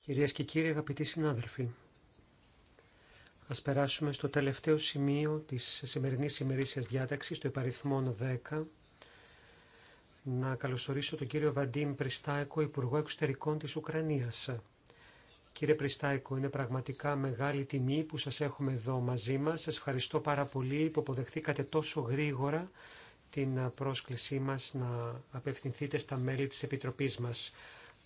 Κυρίες και κύριοι, αγαπητοί συνάδελφοι, ας περάσουμε στο τελευταίο σημείο της σημερινής ημερήσιας διάταξης, το υπαριθμό 10, να καλωσορίσω τον κύριο Βαντίμ Πριστάικο, Υπουργό Εξωτερικών της Ουκρανίας. Κύριε Πριστάικο, είναι πραγματικά μεγάλη τιμή που σας έχουμε εδώ μαζί μας. Σας ευχαριστώ πάρα πολύ που αποδεχτήκατε τόσο γρήγορα την πρόσκλησή μας να απευθυνθείτε στα μέλη της Επιτροπής μας.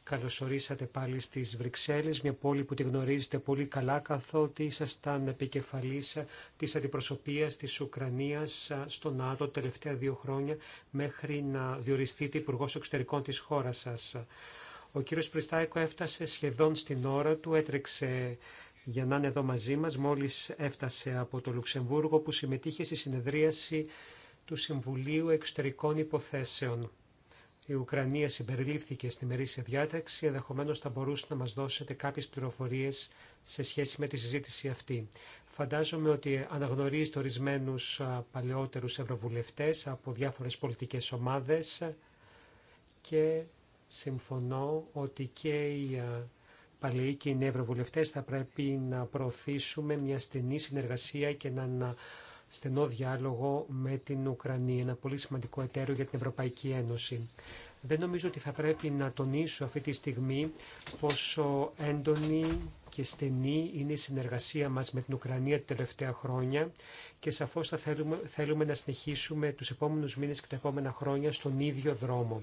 Καλωσορίσατε πάλι στις Βρυξέλλες, μια πόλη που τη γνωρίζετε πολύ καλά καθότι ήσασταν επικεφαλής της αντιπροσωπείας της Ουκρανίας στο ΝΑΤΟ τελευταία δύο χρόνια μέχρι να διοριστείτε υπουργό Εξωτερικών της χώρας σας. Ο κύριος Πριστάικο έφτασε σχεδόν στην ώρα του, έτρεξε για να είναι εδώ μαζί μας, μόλις έφτασε από το Λουξεμβούργο που συμμετείχε στη συνεδρίαση του Συμβουλίου Εξωτερικών Υποθέσεων η Ουκρανία συμπεριλήφθηκε στη μερίσια διάταξη, ενδεχομένω θα μπορούσε να μα δώσετε κάποιε πληροφορίε σε σχέση με τη συζήτηση αυτή. Φαντάζομαι ότι αναγνωρίζετε ορισμένου παλαιότερου ευρωβουλευτέ από διάφορε πολιτικέ ομάδε και συμφωνώ ότι και οι παλαιοί και οι θα πρέπει να προωθήσουμε μια στενή συνεργασία και να στενό διάλογο με την Ουκρανία, ένα πολύ σημαντικό εταίρο για την Ευρωπαϊκή Ένωση. Δεν νομίζω ότι θα πρέπει να τονίσω αυτή τη στιγμή πόσο έντονη και στενή είναι η συνεργασία μας με την Ουκρανία τα τελευταία χρόνια και σαφώς θα θέλουμε, να συνεχίσουμε τους επόμενους μήνες και τα επόμενα χρόνια στον ίδιο δρόμο.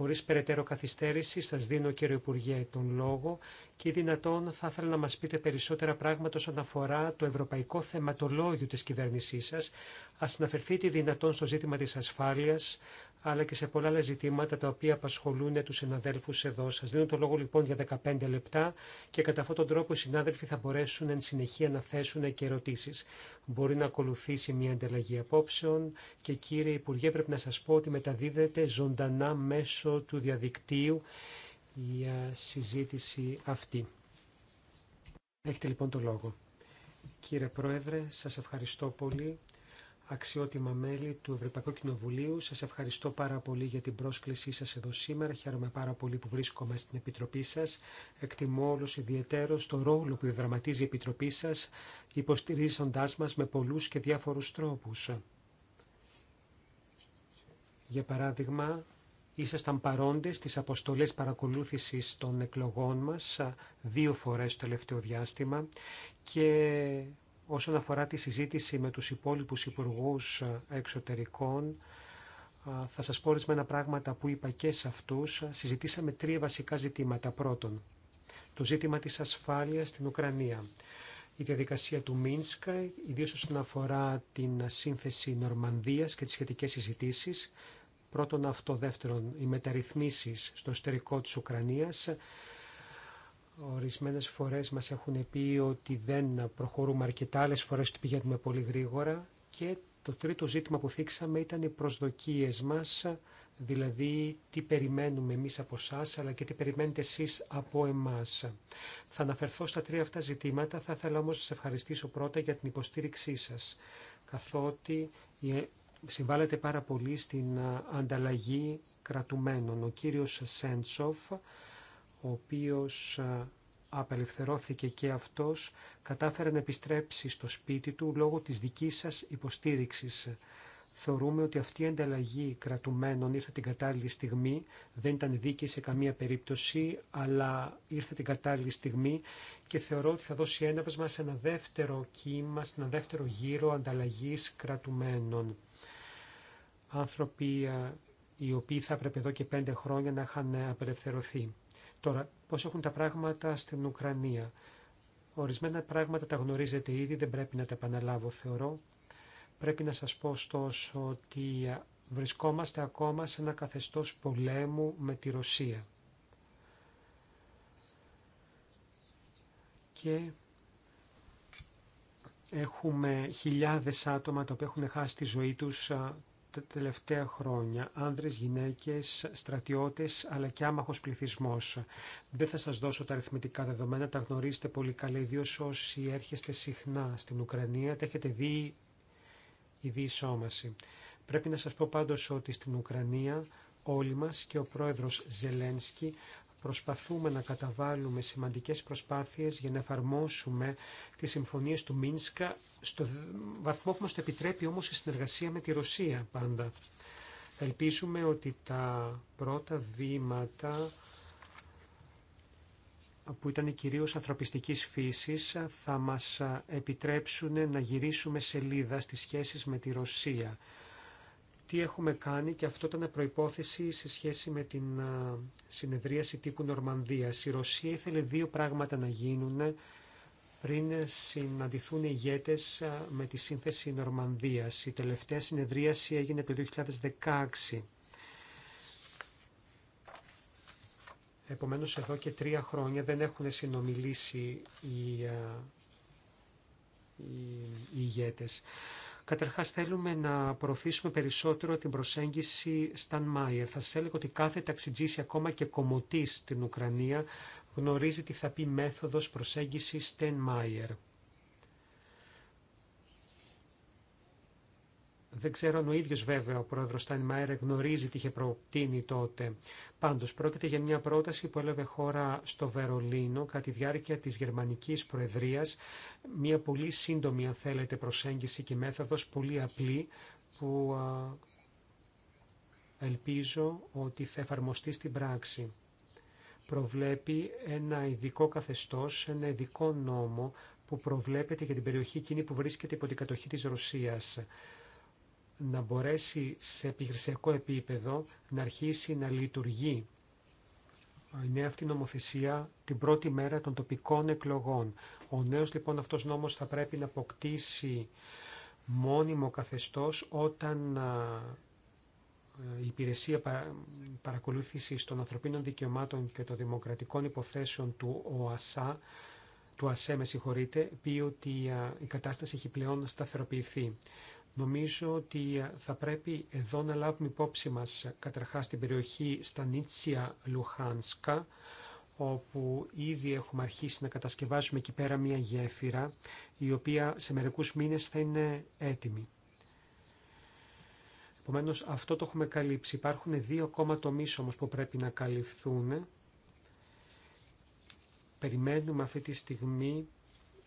Χωρίς περαιτέρω καθυστέρηση σας δίνω κύριε Υπουργέ τον λόγο και δυνατόν θα ήθελα να μας πείτε περισσότερα πράγματα όσον αφορά το ευρωπαϊκό θεματολόγιο της κυβέρνησής σας. Ας αναφερθείτε δυνατόν στο ζήτημα της ασφάλειας, αλλά και σε πολλά άλλα ζητήματα τα οποία απασχολούν του συναδέλφου εδώ. Σα δίνω το λόγο λοιπόν για 15 λεπτά και κατά αυτόν τον τρόπο οι συνάδελφοι θα μπορέσουν εν συνεχεία να θέσουν και ερωτήσει. Μπορεί να ακολουθήσει μια ανταλλαγή απόψεων και κύριε Υπουργέ, πρέπει να σα πω ότι μεταδίδεται ζωντανά μέσω του διαδικτύου η συζήτηση αυτή. Έχετε λοιπόν το λόγο. Κύριε Πρόεδρε, σας ευχαριστώ πολύ αξιότιμα μέλη του Ευρωπαϊκού Κοινοβουλίου. Σας ευχαριστώ πάρα πολύ για την πρόσκλησή σας εδώ σήμερα. Χαίρομαι πάρα πολύ που βρίσκομαι στην Επιτροπή σας. Εκτιμώ όλους ιδιαίτερο το ρόλο που δραματίζει η Επιτροπή σας, υποστηρίζοντάς μας με πολλούς και διάφορους τρόπους. Για παράδειγμα, ήσασταν παρόντες στις αποστολές παρακολούθησης των εκλογών μας δύο φορές το τελευταίο διάστημα και όσον αφορά τη συζήτηση με τους υπόλοιπους υπουργούς ε, εξωτερικών, ε, θα σας πω ένα πράγματα που είπα και σε αυτούς. Συζητήσαμε τρία βασικά ζητήματα. Πρώτον, το ζήτημα της ασφάλειας στην Ουκρανία. Η διαδικασία του Μίνσκα, ιδίως όσον αφορά την σύνθεση Νορμανδίας και τις σχετικές συζητήσεις. Πρώτον αυτό, δεύτερον, οι μεταρρυθμίσεις στο εσωτερικό της Ουκρανίας Ορισμένες φορές μας έχουν πει ότι δεν προχωρούμε αρκετά, άλλες φορές ότι πηγαίνουμε πολύ γρήγορα και το τρίτο ζήτημα που θίξαμε ήταν οι προσδοκίες μας, δηλαδή τι περιμένουμε εμείς από εσά, αλλά και τι περιμένετε εσείς από εμάς. Θα αναφερθώ στα τρία αυτά ζητήματα, θα ήθελα όμως να σας ευχαριστήσω πρώτα για την υποστήριξή σας, καθότι ε, συμβάλλετε πάρα πολύ στην ε, ανταλλαγή κρατουμένων. Ο κύριος Σέντσοφ ο οποίος απελευθερώθηκε και αυτός, κατάφερε να επιστρέψει στο σπίτι του λόγω της δικής σας υποστήριξης. Θεωρούμε ότι αυτή η ανταλλαγή κρατουμένων ήρθε την κατάλληλη στιγμή, δεν ήταν δίκαιη σε καμία περίπτωση, αλλά ήρθε την κατάλληλη στιγμή και θεωρώ ότι θα δώσει έναυσμα σε ένα δεύτερο κύμα, σε ένα δεύτερο γύρο ανταλλαγής κρατουμένων. Άνθρωποι οι οποίοι θα έπρεπε εδώ και πέντε χρόνια να είχαν απελευθερωθεί. Τώρα, πώ έχουν τα πράγματα στην Ουκρανία. Ορισμένα πράγματα τα γνωρίζετε ήδη, δεν πρέπει να τα επαναλάβω θεωρώ. Πρέπει να σας πω ωστόσο ότι βρισκόμαστε ακόμα σε ένα καθεστώς πολέμου με τη Ρωσία. Και έχουμε χιλιάδες άτομα τα οποία έχουν χάσει τη ζωή τους τα τελευταία χρόνια. Άνδρες, γυναίκες, στρατιώτες, αλλά και άμαχος πληθυσμός. Δεν θα σας δώσω τα αριθμητικά δεδομένα, τα γνωρίζετε πολύ καλά, ιδίω όσοι έρχεστε συχνά στην Ουκρανία, τα έχετε δει η διεισόμαση. Πρέπει να σας πω πάντως ότι στην Ουκρανία όλοι μας και ο πρόεδρος Ζελένσκι προσπαθούμε να καταβάλουμε σημαντικές προσπάθειες για να εφαρμόσουμε τις συμφωνίες του Μίνσκα στο βαθμό που μας το επιτρέπει όμως η συνεργασία με τη Ρωσία πάντα. Ελπίζουμε ότι τα πρώτα βήματα που ήταν κυρίως ανθρωπιστικής φύσης θα μας επιτρέψουν να γυρίσουμε σελίδα στις σχέσεις με τη Ρωσία. Τι έχουμε κάνει και αυτό ήταν προϋπόθεση σε σχέση με την συνεδρίαση τύπου Νορμανδίας. Η Ρωσία ήθελε δύο πράγματα να γίνουν πριν συναντηθούν οι ηγέτες με τη σύνθεση Νορμανδίας. Η τελευταία συνεδρίαση έγινε το 2016. Επομένως εδώ και τρία χρόνια δεν έχουν συνομιλήσει οι, οι, οι θέλουμε να προωθήσουμε περισσότερο την προσέγγιση Σταν Μάιερ. Θα σας έλεγα ότι κάθε ταξιτζήση ακόμα και κομωτής στην Ουκρανία γνωρίζει τι θα πει μέθοδος προσέγγισης Μάιερ. Δεν ξέρω αν ο ίδιος βέβαια ο πρόεδρος Μάιερ γνωρίζει τι είχε προτείνει τότε. Πάντως πρόκειται για μια πρόταση που έλαβε χώρα στο Βερολίνο κατά τη διάρκεια της γερμανικής προεδρίας. Μια πολύ σύντομη αν θέλετε προσέγγιση και μέθοδος, πολύ απλή που α, ελπίζω ότι θα εφαρμοστεί στην πράξη προβλέπει ένα ειδικό καθεστώς, ένα ειδικό νόμο που προβλέπεται για την περιοχή εκείνη που βρίσκεται υπό την κατοχή της Ρωσίας να μπορέσει σε επιχειρησιακό επίπεδο να αρχίσει να λειτουργεί η νέα αυτή νομοθεσία την πρώτη μέρα των τοπικών εκλογών. Ο νέος λοιπόν αυτός νόμος θα πρέπει να αποκτήσει μόνιμο καθεστώς όταν η ε, Υπηρεσία Παρακολούθησης των Ανθρωπίνων Δικαιωμάτων και των Δημοκρατικών Υποθέσεων του ΟΑΣΑ, του ΑΣΕ με συγχωρείτε, πει ότι ε, η κατάσταση έχει πλέον σταθεροποιηθεί. Νομίζω ότι ε, θα πρέπει εδώ να λάβουμε υπόψη μας καταρχάς την περιοχή στα Λουχάνσκα, όπου ήδη έχουμε αρχίσει να κατασκευάζουμε εκεί πέρα μια γέφυρα, η οποία σε μερικούς μήνες θα είναι έτοιμη. Επομένω, αυτό το έχουμε καλύψει. Υπάρχουν δύο ακόμα τομεί όμω που πρέπει να καλυφθούν. Περιμένουμε αυτή τη στιγμή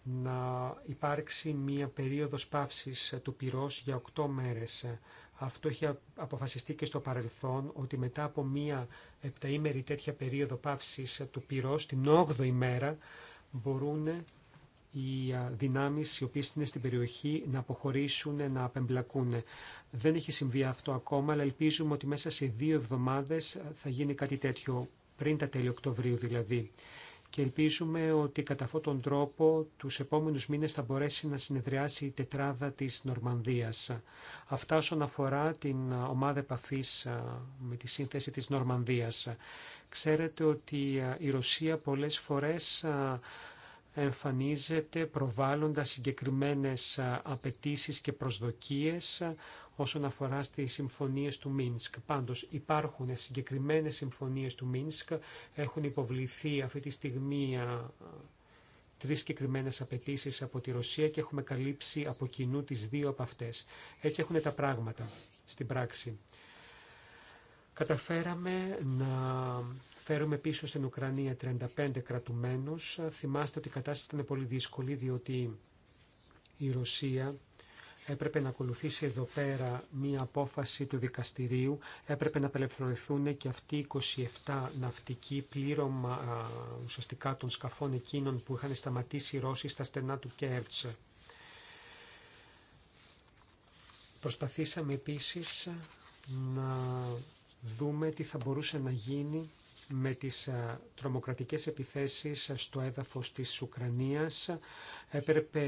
να υπάρξει μία περίοδος παύσης του πυρός για 8 μέρες. Αυτό έχει αποφασιστεί και στο παρελθόν ότι μετά από μία επταήμερη τέτοια περίοδο παύσης του πυρός, την 8η μέρα, μπορούν οι δυνάμεις οι οποίες είναι στην περιοχή να αποχωρήσουν, να απεμπλακούν. Δεν έχει συμβεί αυτό ακόμα, αλλά ελπίζουμε ότι μέσα σε δύο εβδομάδες θα γίνει κάτι τέτοιο, πριν τα τέλη Οκτωβρίου δηλαδή. Και ελπίζουμε ότι κατά αυτόν τον τρόπο τους επόμενους μήνες θα μπορέσει να συνεδριάσει η τετράδα της Νορμανδίας. Αυτά όσον αφορά την ομάδα επαφής με τη σύνθεση της Νορμανδίας. Ξέρετε ότι η Ρωσία πολλές φορές εμφανίζεται προβάλλοντας συγκεκριμένες απαιτήσεις και προσδοκίες όσον αφορά στις συμφωνίες του Μίνσκ. Πάντως υπάρχουν συγκεκριμένες συμφωνίες του Μίνσκ, έχουν υποβληθεί αυτή τη στιγμή τρεις συγκεκριμένε απαιτήσει από τη Ρωσία και έχουμε καλύψει από κοινού τις δύο από αυτές. Έτσι έχουν τα πράγματα στην πράξη. Καταφέραμε να φέρουμε πίσω στην Ουκρανία 35 κρατουμένους. Θυμάστε ότι η κατάσταση ήταν πολύ δύσκολη διότι η Ρωσία έπρεπε να ακολουθήσει εδώ πέρα μία απόφαση του δικαστηρίου. Έπρεπε να απελευθερωθούν και αυτοί οι 27 ναυτικοί πλήρωμα ουσιαστικά των σκαφών εκείνων που είχαν σταματήσει οι Ρώσοι στα στενά του Κέρτς. Προσπαθήσαμε επίσης να δούμε τι θα μπορούσε να γίνει με τις τρομοκρατικές επιθέσεις στο έδαφος της Ουκρανίας. Έπρεπε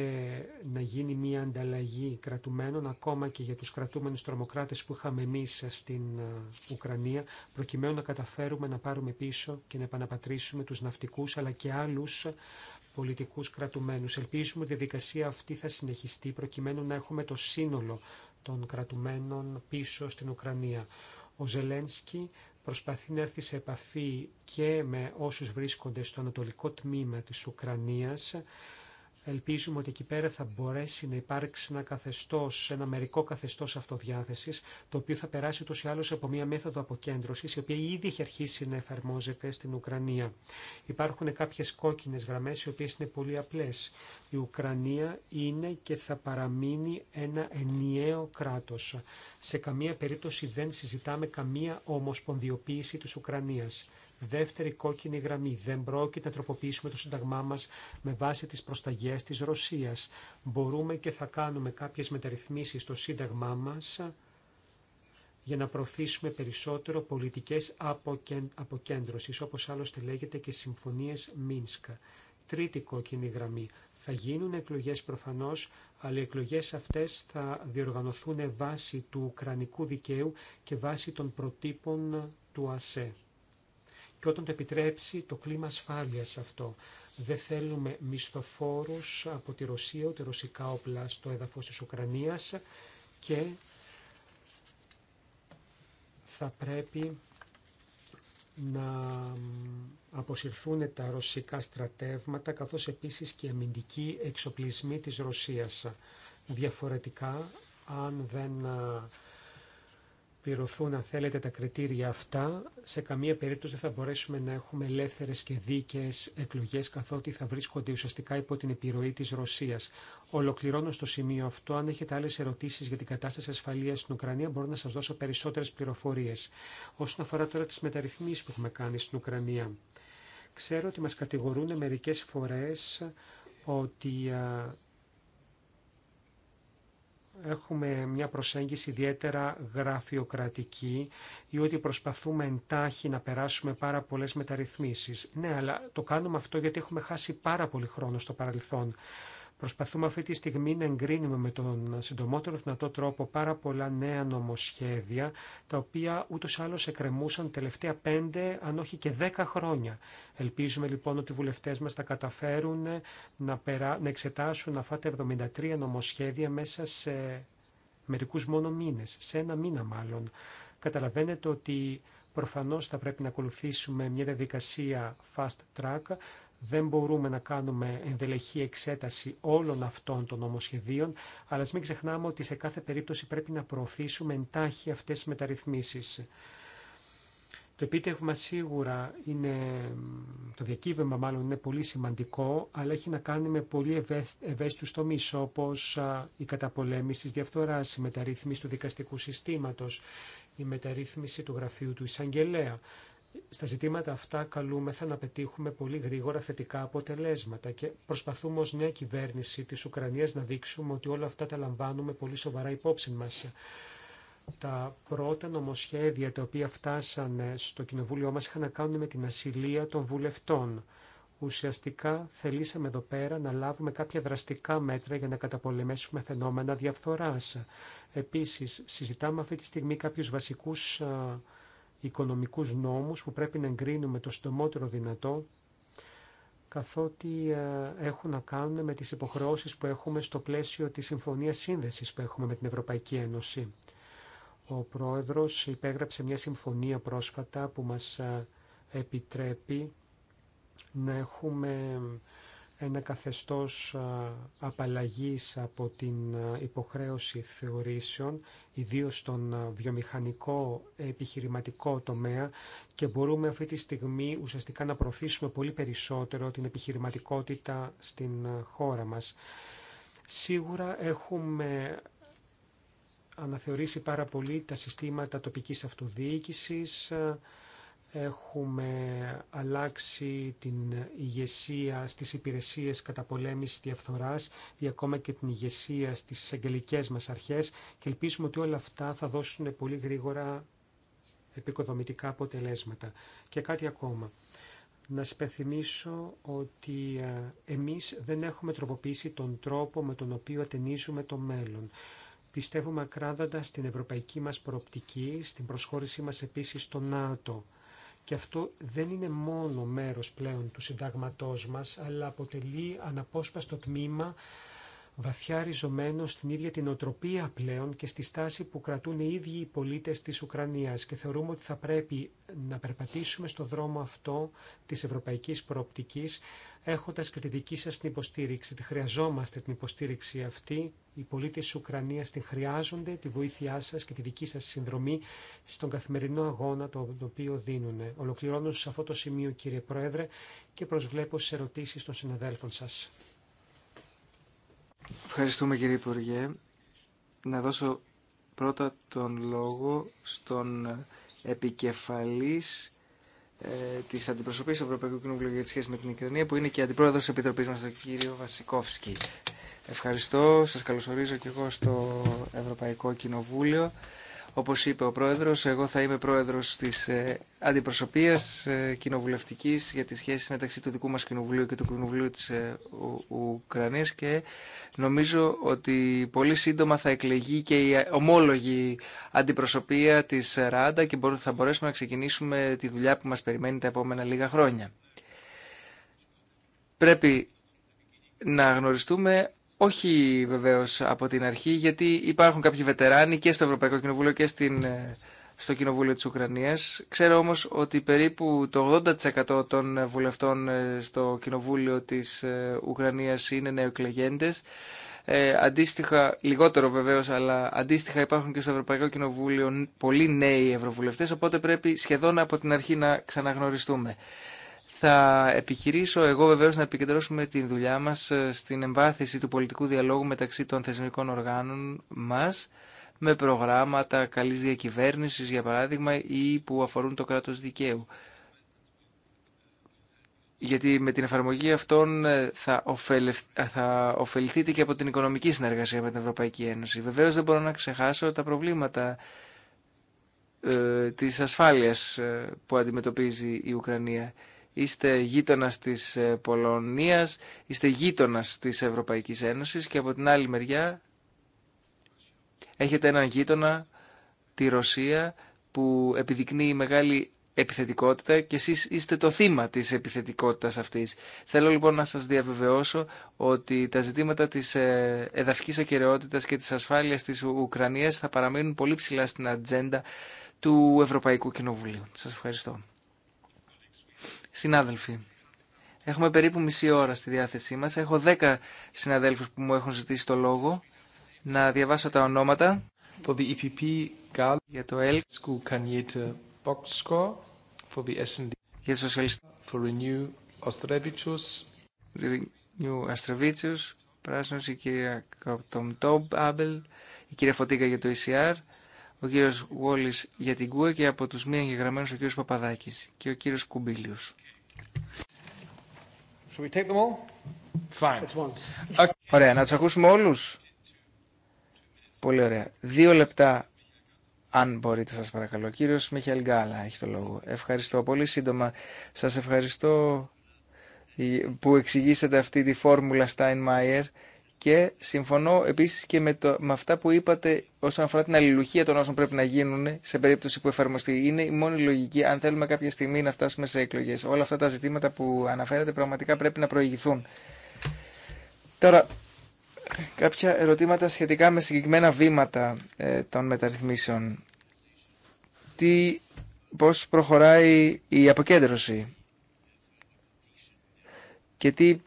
να γίνει μια ανταλλαγή κρατουμένων, ακόμα και για τους κρατούμενους τρομοκράτες που είχαμε εμείς στην Ουκρανία, προκειμένου να καταφέρουμε να πάρουμε πίσω και να επαναπατρίσουμε τους ναυτικούς, αλλά και άλλους πολιτικούς κρατουμένους. Ελπίζουμε ότι η διαδικασία αυτή θα συνεχιστεί, προκειμένου να έχουμε το σύνολο των κρατουμένων πίσω στην Ουκρανία. Ο Ζελένσκι προσπαθεί να έρθει σε επαφή και με όσους βρίσκονται στο ανατολικό τμήμα της Ουκρανίας Ελπίζουμε ότι εκεί πέρα θα μπορέσει να υπάρξει ένα καθεστώ, ένα μερικό καθεστώ αυτοδιάθεση, το οποίο θα περάσει ούτω ή άλλω από μία μέθοδο αποκέντρωση, η οποία ήδη έχει αρχίσει να εφαρμόζεται στην Ουκρανία. Υπάρχουν κάποιε κόκκινε γραμμέ, οι οποίε είναι πολύ απλέ. Η Ουκρανία είναι και θα παραμείνει ένα ενιαίο κράτο. Σε καμία περίπτωση δεν συζητάμε καμία ομοσπονδιοποίηση τη Ουκρανία. Δεύτερη κόκκινη γραμμή. Δεν πρόκειται να τροποποιήσουμε το Σύνταγμά μα με βάση τι προσταγέ τη Ρωσία. Μπορούμε και θα κάνουμε κάποιε μεταρρυθμίσει στο Σύνταγμά μα για να προωθήσουμε περισσότερο πολιτικές αποκέντρωση, όπως άλλωστε λέγεται και συμφωνίες Μίνσκα. Τρίτη κόκκινη γραμμή. Θα γίνουν εκλογέ προφανώ, αλλά οι εκλογέ αυτές θα διοργανωθούν βάσει του ουκρανικού δικαίου και βάσει των προτύπων του ΑΣΕ και όταν το επιτρέψει το κλίμα ασφάλειας αυτό. Δεν θέλουμε μισθοφόρους από τη Ρωσία, ούτε ρωσικά όπλα στο έδαφος της Ουκρανίας και θα πρέπει να αποσυρθούν τα ρωσικά στρατεύματα καθώς επίσης και οι αμυντικοί εξοπλισμοί της Ρωσίας. Διαφορετικά, αν δεν πληρωθούν, αν θέλετε, τα κριτήρια αυτά, σε καμία περίπτωση δεν θα μπορέσουμε να έχουμε ελεύθερες και δίκαιες εκλογές, καθότι θα βρίσκονται ουσιαστικά υπό την επιρροή της Ρωσίας. Ολοκληρώνω στο σημείο αυτό. Αν έχετε άλλες ερωτήσεις για την κατάσταση ασφαλείας στην Ουκρανία, μπορώ να σας δώσω περισσότερες πληροφορίες. Όσον αφορά τώρα τις μεταρρυθμίσεις που έχουμε κάνει στην Ουκρανία, ξέρω ότι μας κατηγορούν μερικές φορές ότι έχουμε μια προσέγγιση ιδιαίτερα γραφειοκρατική ή ότι προσπαθούμε εντάχει να περάσουμε πάρα πολλές μεταρρυθμίσεις. Ναι, αλλά το κάνουμε αυτό γιατί έχουμε χάσει πάρα πολύ χρόνο στο παρελθόν. Προσπαθούμε αυτή τη στιγμή να εγκρίνουμε με τον συντομότερο δυνατό τρόπο πάρα πολλά νέα νομοσχέδια, τα οποία ούτω ή άλλω εκκρεμούσαν τελευταία πέντε, αν όχι και δέκα χρόνια. Ελπίζουμε λοιπόν ότι οι βουλευτέ μα θα καταφέρουν να, περά... να εξετάσουν αυτά τα 73 νομοσχέδια μέσα σε μερικού μόνο μήνε, σε ένα μήνα μάλλον. Καταλαβαίνετε ότι προφανώ θα πρέπει να ακολουθήσουμε μια διαδικασία fast track. Δεν μπορούμε να κάνουμε ενδελεχή εξέταση όλων αυτών των νομοσχεδίων, αλλά μην ξεχνάμε ότι σε κάθε περίπτωση πρέπει να προωθήσουμε εντάχει αυτές τις μεταρρυθμίσεις. Το επίτευγμα σίγουρα είναι, το διακύβευμα μάλλον είναι πολύ σημαντικό, αλλά έχει να κάνει με πολύ ευαίσθητους τομείς, όπως η καταπολέμηση της διαφθοράς, η μεταρρύθμιση του δικαστικού συστήματος, η μεταρρύθμιση του γραφείου του εισαγγελέα, στα ζητήματα αυτά καλούμεθα να πετύχουμε πολύ γρήγορα θετικά αποτελέσματα και προσπαθούμε ως νέα κυβέρνηση της Ουκρανίας να δείξουμε ότι όλα αυτά τα λαμβάνουμε πολύ σοβαρά υπόψη μας. Τα πρώτα νομοσχέδια τα οποία φτάσανε στο Κοινοβούλιο μας είχαν να κάνουν με την ασυλία των βουλευτών. Ουσιαστικά θελήσαμε εδώ πέρα να λάβουμε κάποια δραστικά μέτρα για να καταπολεμήσουμε φαινόμενα διαφθοράς. Επίσης, συζητάμε αυτή τη στιγμή κάποιους βασικούς οικονομικούς νόμους που πρέπει να εγκρίνουμε το στομότερο δυνατό, καθότι ε, έχουν να κάνουν με τις υποχρεώσεις που έχουμε στο πλαίσιο της Συμφωνίας Σύνδεσης που έχουμε με την Ευρωπαϊκή Ένωση. Ο Πρόεδρος υπέγραψε μια συμφωνία πρόσφατα που μας ε, επιτρέπει να έχουμε ένα καθεστώς απαλλαγής από την υποχρέωση θεωρήσεων, ιδίως στον βιομηχανικό επιχειρηματικό τομέα και μπορούμε αυτή τη στιγμή ουσιαστικά να προωθήσουμε πολύ περισσότερο την επιχειρηματικότητα στην χώρα μας. Σίγουρα έχουμε αναθεωρήσει πάρα πολύ τα συστήματα τοπικής αυτοδιοίκησης, Έχουμε αλλάξει την ηγεσία στις υπηρεσίες καταπολέμησης διαφθοράς ή ακόμα και την ηγεσία στις εισαγγελικέ μας αρχές και ελπίζουμε ότι όλα αυτά θα δώσουν πολύ γρήγορα επικοδομητικά αποτελέσματα. Και κάτι ακόμα. Να υπενθυμίσω ότι εμείς δεν έχουμε τροποποιήσει τον τρόπο με τον οποίο ατενίζουμε το μέλλον. Πιστεύουμε ακράδαντα στην ευρωπαϊκή μας προοπτική, στην προσχώρησή μας επίσης στο ΝΑΤΟ. Και αυτό δεν είναι μόνο μέρος πλέον του συντάγματός μας, αλλά αποτελεί αναπόσπαστο τμήμα βαθιά ριζωμένο στην ίδια την οτροπία πλέον και στη στάση που κρατούν οι ίδιοι οι πολίτες της Ουκρανίας και θεωρούμε ότι θα πρέπει να περπατήσουμε στο δρόμο αυτό της ευρωπαϊκής προοπτικής έχοντας και τη δική σας την υποστήριξη. Τη χρειαζόμαστε την υποστήριξη αυτή. Οι πολίτες της Ουκρανίας την χρειάζονται, τη βοήθειά σας και τη δική σας συνδρομή στον καθημερινό αγώνα το οποίο δίνουν. Ολοκληρώνω σε αυτό το σημείο κύριε Πρόεδρε και προσβλέπω σε ερωτήσεις των συναδέλφων σας. Ευχαριστούμε κύριε Υπουργέ. Να δώσω πρώτα τον λόγο στον επικεφαλής ε, της Αντιπροσωπής του Ευρωπαϊκού Κοινοβουλίου για τις σχέσεις με την Ουκρανία που είναι και αντιπρόεδρος της Επιτροπής μας, τον κύριο Βασικόφσκι. Ευχαριστώ, σας καλωσορίζω και εγώ στο Ευρωπαϊκό Κοινοβούλιο. Όπως είπε ο Πρόεδρος, εγώ θα είμαι Πρόεδρος της ε, Αντιπροσωπείας ε, Κοινοβουλευτικής για τις σχέσεις μεταξύ του δικού μας Κοινοβουλίου και του Κοινοβουλίου της ε, Ουκρανίας και νομίζω ότι πολύ σύντομα θα εκλεγεί και η ομόλογη αντιπροσωπεία της ΡΑΝΤΑ και θα μπορέσουμε να ξεκινήσουμε τη δουλειά που μας περιμένει τα επόμενα λίγα χρόνια. Πρέπει να γνωριστούμε όχι βεβαίως από την αρχή, γιατί υπάρχουν κάποιοι βετεράνοι και στο Ευρωπαϊκό Κοινοβούλιο και στην, ε, στο Κοινοβούλιο της Ουκρανίας. Ξέρω όμως ότι περίπου το 80% των βουλευτών ε, στο Κοινοβούλιο της ε, Ουκρανίας είναι νεοεκλεγέντε. Ε, αντίστοιχα, λιγότερο βεβαίω, αλλά αντίστοιχα υπάρχουν και στο Ευρωπαϊκό Κοινοβούλιο πολλοί νέοι ευρωβουλευτέ, οπότε πρέπει σχεδόν από την αρχή να ξαναγνωριστούμε θα επιχειρήσω εγώ βεβαίως να επικεντρώσουμε την δουλειά μας ε, στην εμβάθυνση του πολιτικού διαλόγου μεταξύ των θεσμικών οργάνων μας με προγράμματα καλής διακυβέρνησης για παράδειγμα ή που αφορούν το κράτος δικαίου. Γιατί με την εφαρμογή αυτών ε, θα, ωφελευ... θα ωφεληθείτε και από την οικονομική συνεργασία με την Ευρωπαϊκή Ένωση. Βεβαίως δεν μπορώ να ξεχάσω τα προβλήματα ε, της ασφάλειας ε, που αντιμετωπίζει η Ουκρανία είστε γείτονας της ε, Πολωνίας, είστε γείτονας της Ευρωπαϊκής Ένωσης και από την άλλη μεριά έχετε έναν γείτονα, τη Ρωσία, που επιδεικνύει μεγάλη επιθετικότητα και εσείς είστε το θύμα της επιθετικότητας αυτής. Θέλω λοιπόν να σας διαβεβαιώσω ότι τα ζητήματα της ε, εδαφικής ακαιρεότητας και της ασφάλειας της Ουκρανίας θα παραμείνουν πολύ ψηλά στην ατζέντα του Ευρωπαϊκού Κοινοβουλίου. Σας ευχαριστώ. Συνάδελφοι, έχουμε περίπου μισή ώρα στη διάθεσή μας. Έχω δέκα συναδέλφους που μου έχουν ζητήσει το λόγο. Να διαβάσω τα ονόματα. E για το ΕΛΚ, για το σοσιαλιστές, for Renew Ostrevichus, Renew πράσινος, η κυρία Καπτομτόμπ Άμπελ, η κυρία Φωτίκα για το ECR, ο κύριος Γόλης για την ΚΟΕ και από τους μη εγγεγραμμένους ο κύριος Παπαδάκης και ο κύριος Κουμπίλιος. Ωραία, να του ακούσουμε όλους. Πολύ ωραία. Δύο λεπτά, αν μπορείτε, σας παρακαλώ. Ο κύριος Μιχαήλ Γκάλα έχει το λόγο. Ευχαριστώ πολύ σύντομα. Σας ευχαριστώ ε, που εξηγήσατε αυτή τη φόρμουλα Steinmeier και συμφωνώ επίση και με, το, με αυτά που είπατε όσον αφορά την αλληλουχία των όσων πρέπει να γίνουν σε περίπτωση που εφαρμοστεί. Είναι η μόνη λογική, αν θέλουμε κάποια στιγμή να φτάσουμε σε εκλογέ. Όλα αυτά τα ζητήματα που αναφέρατε πραγματικά πρέπει να προηγηθούν. Τώρα, κάποια ερωτήματα σχετικά με συγκεκριμένα βήματα ε, των μεταρρυθμίσεων. Τι, πώς προχωράει η αποκέντρωση και τι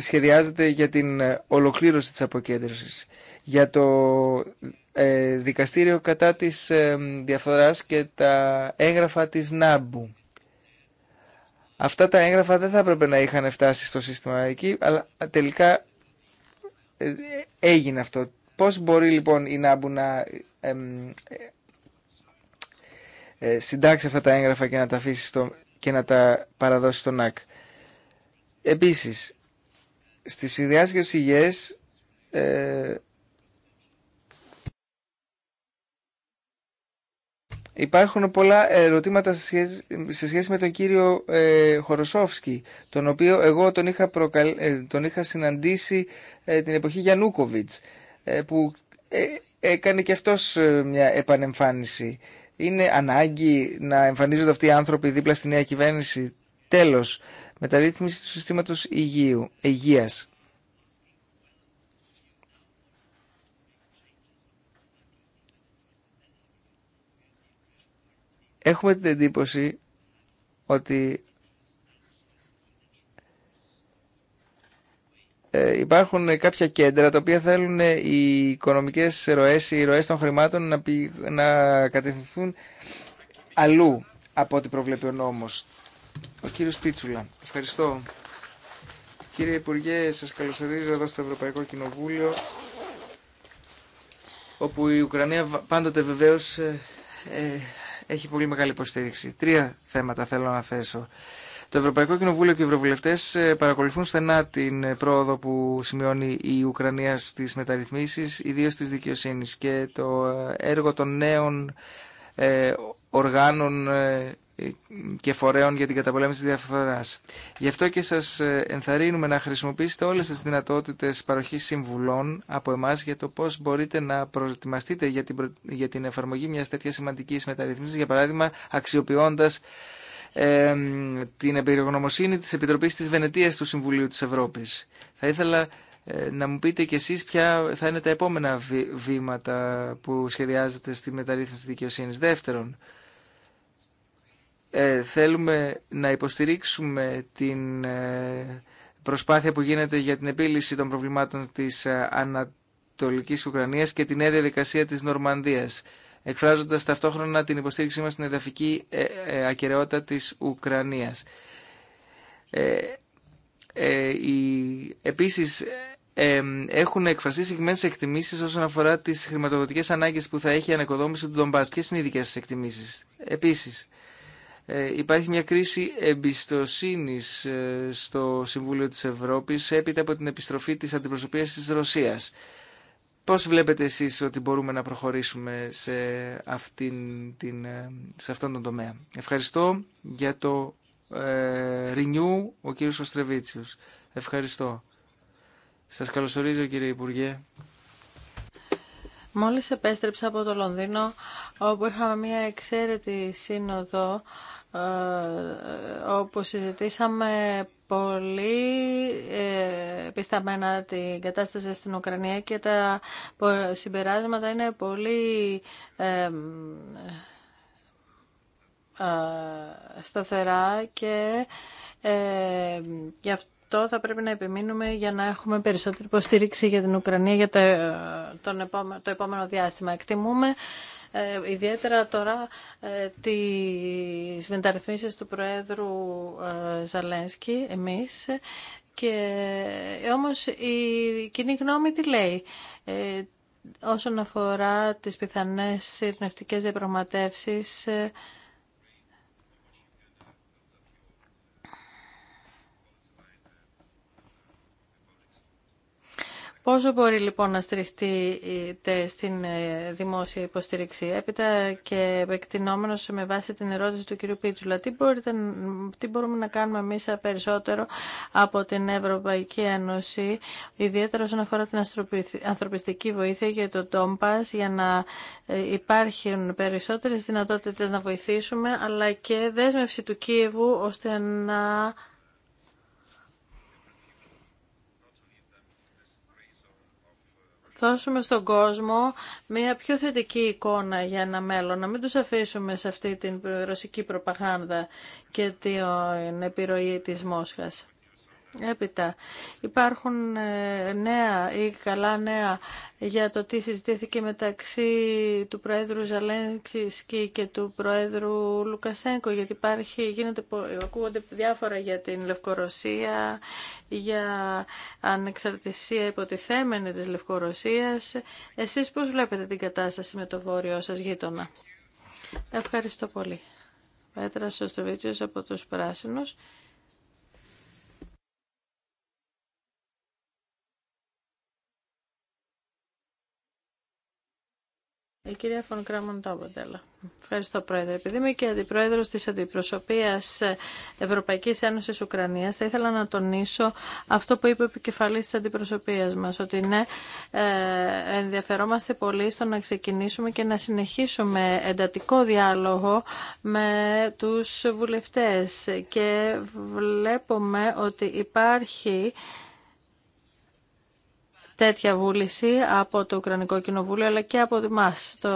σχεδιάζεται για την ε, ολοκλήρωση της αποκέντρωσης. Για το ε, δικαστήριο κατά της ε, και τα έγγραφα της ΝΑΜΠΟΥ. Αυτά τα έγγραφα δεν θα έπρεπε να είχαν φτάσει στο σύστημα εκεί, αλλά τελικά ε, έγινε αυτό. Πώς μπορεί λοιπόν η ΝΑΜΠΟΥ να συντάξει αυτά τα έγγραφα και να τα αφήσει στο, και να τα παραδώσει στον ΝΑΚ. Επίσης, Στι συνδιάσκεψη ΓΕΣ ε, υπάρχουν πολλά ερωτήματα σε σχέση, με τον κύριο ε, Χοροσόφσκι, τον οποίο εγώ τον είχα, ε, τον είχα συναντήσει ε, την εποχή Γιαννούκοβιτς, ε, που έκανε και αυτός μια επανεμφάνιση. Είναι ανάγκη να εμφανίζονται αυτοί οι άνθρωποι δίπλα στη νέα κυβέρνηση. Τέλος, μεταρρύθμιση του συστήματος υγείου, υγείας. Έχουμε την εντύπωση ότι ε, υπάρχουν κάποια κέντρα τα οποία θέλουν οι οικονομικές ροές, οι ροές των χρημάτων να, να κατευθυνθούν αλλού από ό,τι προβλέπει ο νόμος. Ο κύριος Πίτσουλα. Ευχαριστώ. Κύριε Υπουργέ, σας καλωσορίζω εδώ στο Ευρωπαϊκό Κοινοβούλιο όπου η Ουκρανία πάντοτε βεβαίως ε, ε, έχει πολύ μεγάλη υποστήριξη. Τρία θέματα θέλω να θέσω. Το Ευρωπαϊκό Κοινοβούλιο και οι Ευρωβουλευτέ ε, παρακολουθούν στενά την ε, πρόοδο που σημειώνει η Ουκρανία στι μεταρρυθμίσει, ιδίω τη δικαιοσύνη και το έργο των νέων οργάνων και φορέων για την καταπολέμηση τη διαφθοράς. Γι' αυτό και σα ε, ενθαρρύνουμε να χρησιμοποιήσετε όλε τι δυνατότητε παροχή συμβουλών από εμά για το πώ μπορείτε να προετοιμαστείτε για την, για την εφαρμογή μια τέτοια σημαντική μεταρρύθμιση, για παράδειγμα αξιοποιώντα ε, την εμπειρογνωμοσύνη της Επιτροπής της Βενετίας του Συμβουλίου της Ευρώπης. Θα ήθελα ε, να μου πείτε κι εσείς ποια θα είναι τα επόμενα βήματα που σχεδιάζετε στη μεταρρύθμιση δικαιοσύνης. Δεύτερον, ε, θέλουμε να υποστηρίξουμε την ε, προσπάθεια που γίνεται για την επίλυση των προβλημάτων της ε, Ανατολικής Ουκρανίας και την νέα διαδικασία της Νορμανδίας, εκφράζοντας ταυτόχρονα την υποστήριξή μας στην εδαφική ε, ε, ακαιρεότητα της Ουκρανίας. Η, επίσης, έχουν εκφραστεί συγκεκριμένε εκτιμήσει όσον αφορά τι χρηματοδοτικέ ανάγκε που θα έχει η ανακοδόμηση του Ντομπά. Ποιε είναι οι δικέ σα εκτιμήσει, Επίση, ε, υπάρχει μια κρίση εμπιστοσύνης ε, στο Συμβούλιο της Ευρώπης έπειτα από την επιστροφή της αντιπροσωπείας της Ρωσίας. Πώς βλέπετε εσείς ότι μπορούμε να προχωρήσουμε σε, αυτήν, την, ε, σε αυτόν τον τομέα. Ευχαριστώ για το ε, Renew, ο κύριος Οστρεβίτσιος. Ευχαριστώ. Σας καλωσορίζω κύριε Υπουργέ. Μόλις επέστρεψα από το Λονδίνο, όπου είχαμε μια εξαίρετη σύνοδο ε, όπου συζητήσαμε πολύ ε, πισταμένα την κατάσταση στην Ουκρανία και τα συμπεράσματα είναι πολύ ε, σταθερά και γι' αυτό θα πρέπει να επιμείνουμε για να έχουμε περισσότερη υποστήριξη για την Ουκρανία για το επόμενο διάστημα. Εκτιμούμε ε, ιδιαίτερα τώρα ε, τις μεταρρυθμίσεις του Προέδρου ε, Ζαλένσκι, εμείς, και ε, όμως η κοινή γνώμη τι λέει. Ε, όσον αφορά τις πιθανές ειρνευτικές διαπραγματεύσεις ε, Πόσο μπορεί λοιπόν να στηριχτείτε ε, στην ε, δημόσια υποστήριξη έπειτα και επεκτηνόμενος με βάση την ερώτηση του κ. Πίτσουλα, τι, μπορείτε, τι μπορούμε να κάνουμε εμείς περισσότερο από την Ευρωπαϊκή Ένωση, ιδιαίτερα όσον αφορά την ανθρωπιστική βοήθεια για το τόμπας, για να ε, υπάρχουν περισσότερες δυνατότητες να βοηθήσουμε, αλλά και δέσμευση του Κίεβου ώστε να θα δώσουμε στον κόσμο μια πιο θετική εικόνα για ένα μέλλον, να μην τους αφήσουμε σε αυτή την ρωσική προπαγάνδα και την επιρροή της Μόσχας. Έπειτα υπάρχουν ε, νέα ή καλά νέα για το τι συζητήθηκε μεταξύ του Προέδρου Ζαλένσκι και του Προέδρου Λουκασέγκο γιατί υπάρχει, γίνεται, ακούγονται διάφορα για την Λευκορωσία, για ανεξαρτησία υποτιθέμενη της Λευκορωσίας. Εσείς πώς βλέπετε την κατάσταση με το βόρειο σας γείτονα. Ευχαριστώ πολύ. Πέτρα Σωστοβίτσιος από τους Πράσινους. Η κυρία Κράμον Τόμποντελα. Ευχαριστώ, Πρόεδρε. Επειδή είμαι και αντιπρόεδρος της Αντιπροσωπείας Ευρωπαϊκής Ένωσης Ουκρανίας, θα ήθελα να τονίσω αυτό που είπε ο επικεφαλή της Αντιπροσωπείας μας, ότι ναι, ε, ενδιαφερόμαστε πολύ στο να ξεκινήσουμε και να συνεχίσουμε εντατικό διάλογο με τους βουλευτές και βλέπουμε ότι υπάρχει τέτοια βούληση από το Ουκρανικό Κοινοβούλιο αλλά και από εμά, το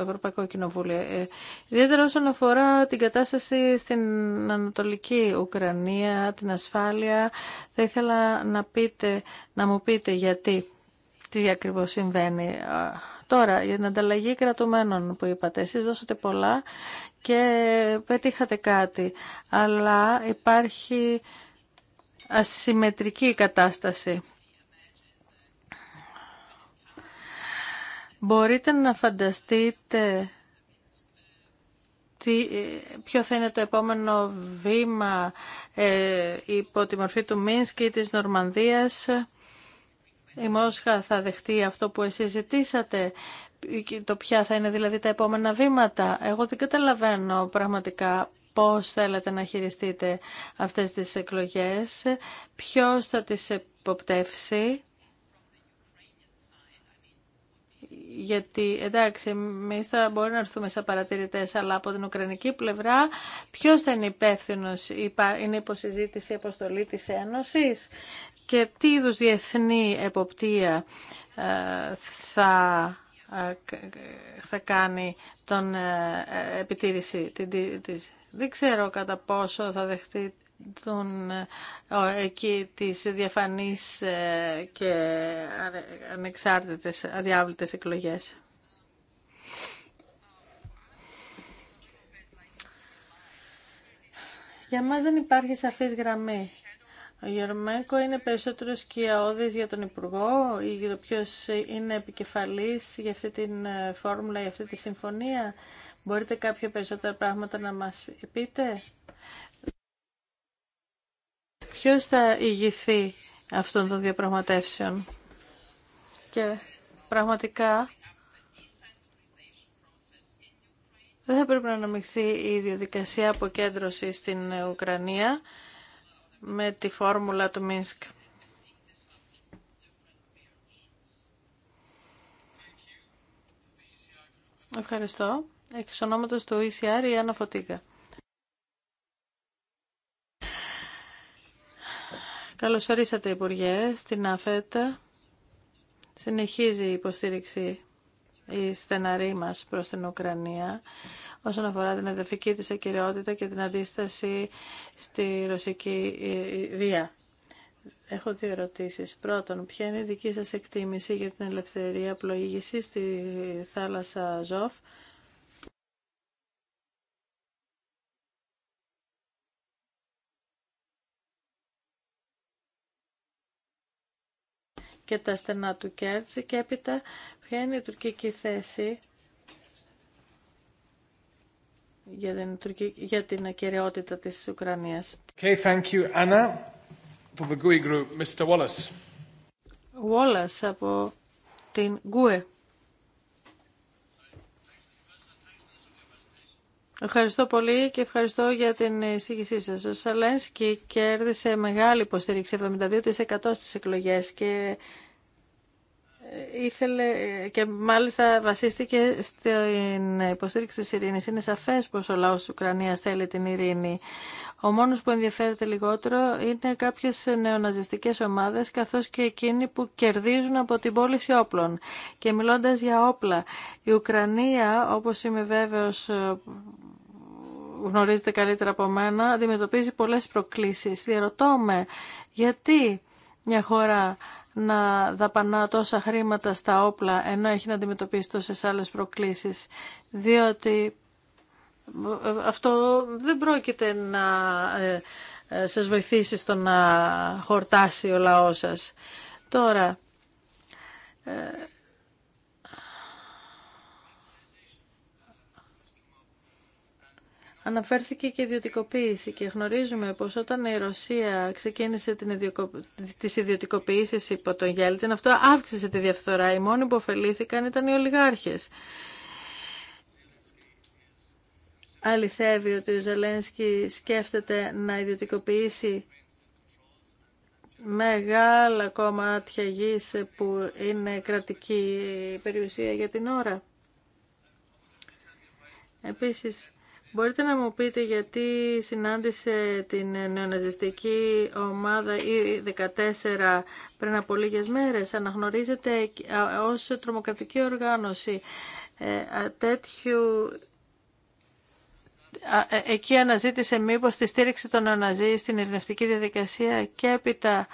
Ευρωπαϊκό Κοινοβούλιο. Ε, ιδιαίτερα όσον αφορά την κατάσταση στην Ανατολική Ουκρανία, την ασφάλεια, θα ήθελα να, πείτε, να μου πείτε γιατί, τι ακριβώς συμβαίνει. Τώρα, για την ανταλλαγή κρατουμένων που είπατε, εσείς δώσατε πολλά και πετύχατε κάτι, αλλά υπάρχει ασυμμετρική κατάσταση. Μπορείτε να φανταστείτε τι, ποιο θα είναι το επόμενο βήμα ε, υπό τη μορφή του Μίνσκ ή της Νορμανδίας. Η Μόσχα θα δεχτεί αυτό που εσείς ζητήσατε, το ποια θα είναι δηλαδή τα επόμενα βήματα. Εγώ δεν καταλαβαίνω πραγματικά πώς θέλετε να χειριστείτε αυτές τις εκλογές, ποιος θα τις υποπτεύσει. γιατί εντάξει εμεί θα μπορούμε να έρθουμε σαν παρατηρητέ, αλλά από την Ουκρανική πλευρά ποιο θα είναι υπεύθυνο, είναι υποσυζήτηση η αποστολή τη Ένωση και τι είδου διεθνή εποπτεία ε, θα ε, θα κάνει τον ε, επιτήρηση. Δεν ξέρω κατά πόσο θα δεχτεί των, ε, εκεί τις διαφανείς ε, και ανεξάρτητες αδιάβλητες εκλογές. Για μας δεν υπάρχει σαφής γραμμή. Ο Γερμέκο είναι περισσότερο σκιαώδης για τον Υπουργό ή για το ποιος είναι επικεφαλής για αυτή την ε, φόρμουλα, για αυτή τη συμφωνία. Μπορείτε κάποια περισσότερα πράγματα να μας πείτε. Ποιος θα ηγηθεί αυτών των διαπραγματεύσεων. Και πραγματικά δεν θα πρέπει να αναμειχθεί η διαδικασία αποκέντρωση στην Ουκρανία με τη φόρμουλα του Μίνσκ. Ευχαριστώ. Εξ ονόματος του ECR η Άννα Φωτίγα. Καλώς ορίσατε, Υπουργέ, στην ΑΦΕΤΑ. Συνεχίζει η υποστήριξη η στεναρή μας προς την Ουκρανία όσον αφορά την εδεφική της ακυριότητα και την αντίσταση στη ρωσική ε, βία. Έχω δύο ερωτήσεις. Πρώτον, ποια είναι η δική σας εκτίμηση για την ελευθερία πλοήγηση στη θάλασσα Ζόφ και τα στενά του Κέρτς και έπειτα ποια είναι η τουρκική θέση για την, τουρκική, για την ακαιρεότητα της Ουκρανίας. Okay, thank you, Anna. For the GUI group, Mr. Wallace. Wallace από την GUE. Ευχαριστώ πολύ και ευχαριστώ για την εισήγησή σας. Ο Σαλένσκι κέρδισε μεγάλη υποστήριξη, 72% στις εκλογές και ε, ήθελε και μάλιστα βασίστηκε στην υποστήριξη της ειρήνης. Είναι σαφές πως ο λαός της Ουκρανίας θέλει την ειρήνη. Ο μόνος που ενδιαφέρεται λιγότερο είναι κάποιες νεοναζιστικές ομάδες καθώς και εκείνοι που κερδίζουν από την πώληση όπλων. Και μιλώντας για όπλα, η Ουκρανία, όπως είμαι βέβαιος γνωρίζετε καλύτερα από μένα, αντιμετωπίζει πολλές προκλήσεις. Διαρωτώ με γιατί μια χώρα να δαπανά τόσα χρήματα στα όπλα ενώ έχει να αντιμετωπίσει τόσες άλλες προκλήσεις. Διότι αυτό δεν πρόκειται να ε, ε, σας βοηθήσει στο να χορτάσει ο λαός σας. Τώρα, ε, Αναφέρθηκε και η ιδιωτικοποίηση και γνωρίζουμε πως όταν η Ρωσία ξεκίνησε την ιδιωτικοποιήσει τις ιδιωτικοποίησεις υπό τον Γέλτζεν, αυτό αύξησε τη διαφθορά. Οι μόνοι που ωφελήθηκαν ήταν οι ολιγάρχες. Αληθεύει ότι ο Ζελένσκι σκέφτεται να ιδιωτικοποιήσει μεγάλα κομμάτια γης που είναι κρατική περιουσία για την ώρα. Επίσης, Μπορείτε να μου πείτε γιατί συνάντησε την νεοναζιστική ή E14 πριν από λίγες μέρες. Αναγνωρίζεται ως τρομοκρατική οργάνωση ε, ε, εκεί αναζήτησε μήπως τη στήριξη των νεοναζί στην ειρηνευτική διαδικασία και έπειτα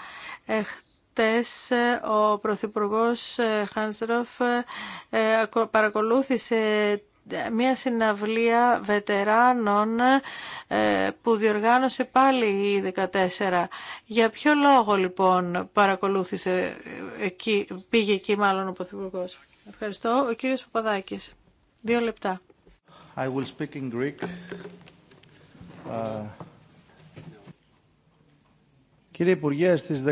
ε, χτες ο Πρωθυπουργός Χάνσροφ παρακολούθησε μια συναυλία βετεράνων ε, που διοργάνωσε πάλι η 14. Για ποιο λόγο λοιπόν παρακολούθησε, ε, εκεί, πήγε εκεί μάλλον ο Πρωθυπουργό. Ευχαριστώ. Ο κύριος Παπαδάκης. Δύο λεπτά. I will speak in Greek. Uh, Κύριε Υπουργέ, στις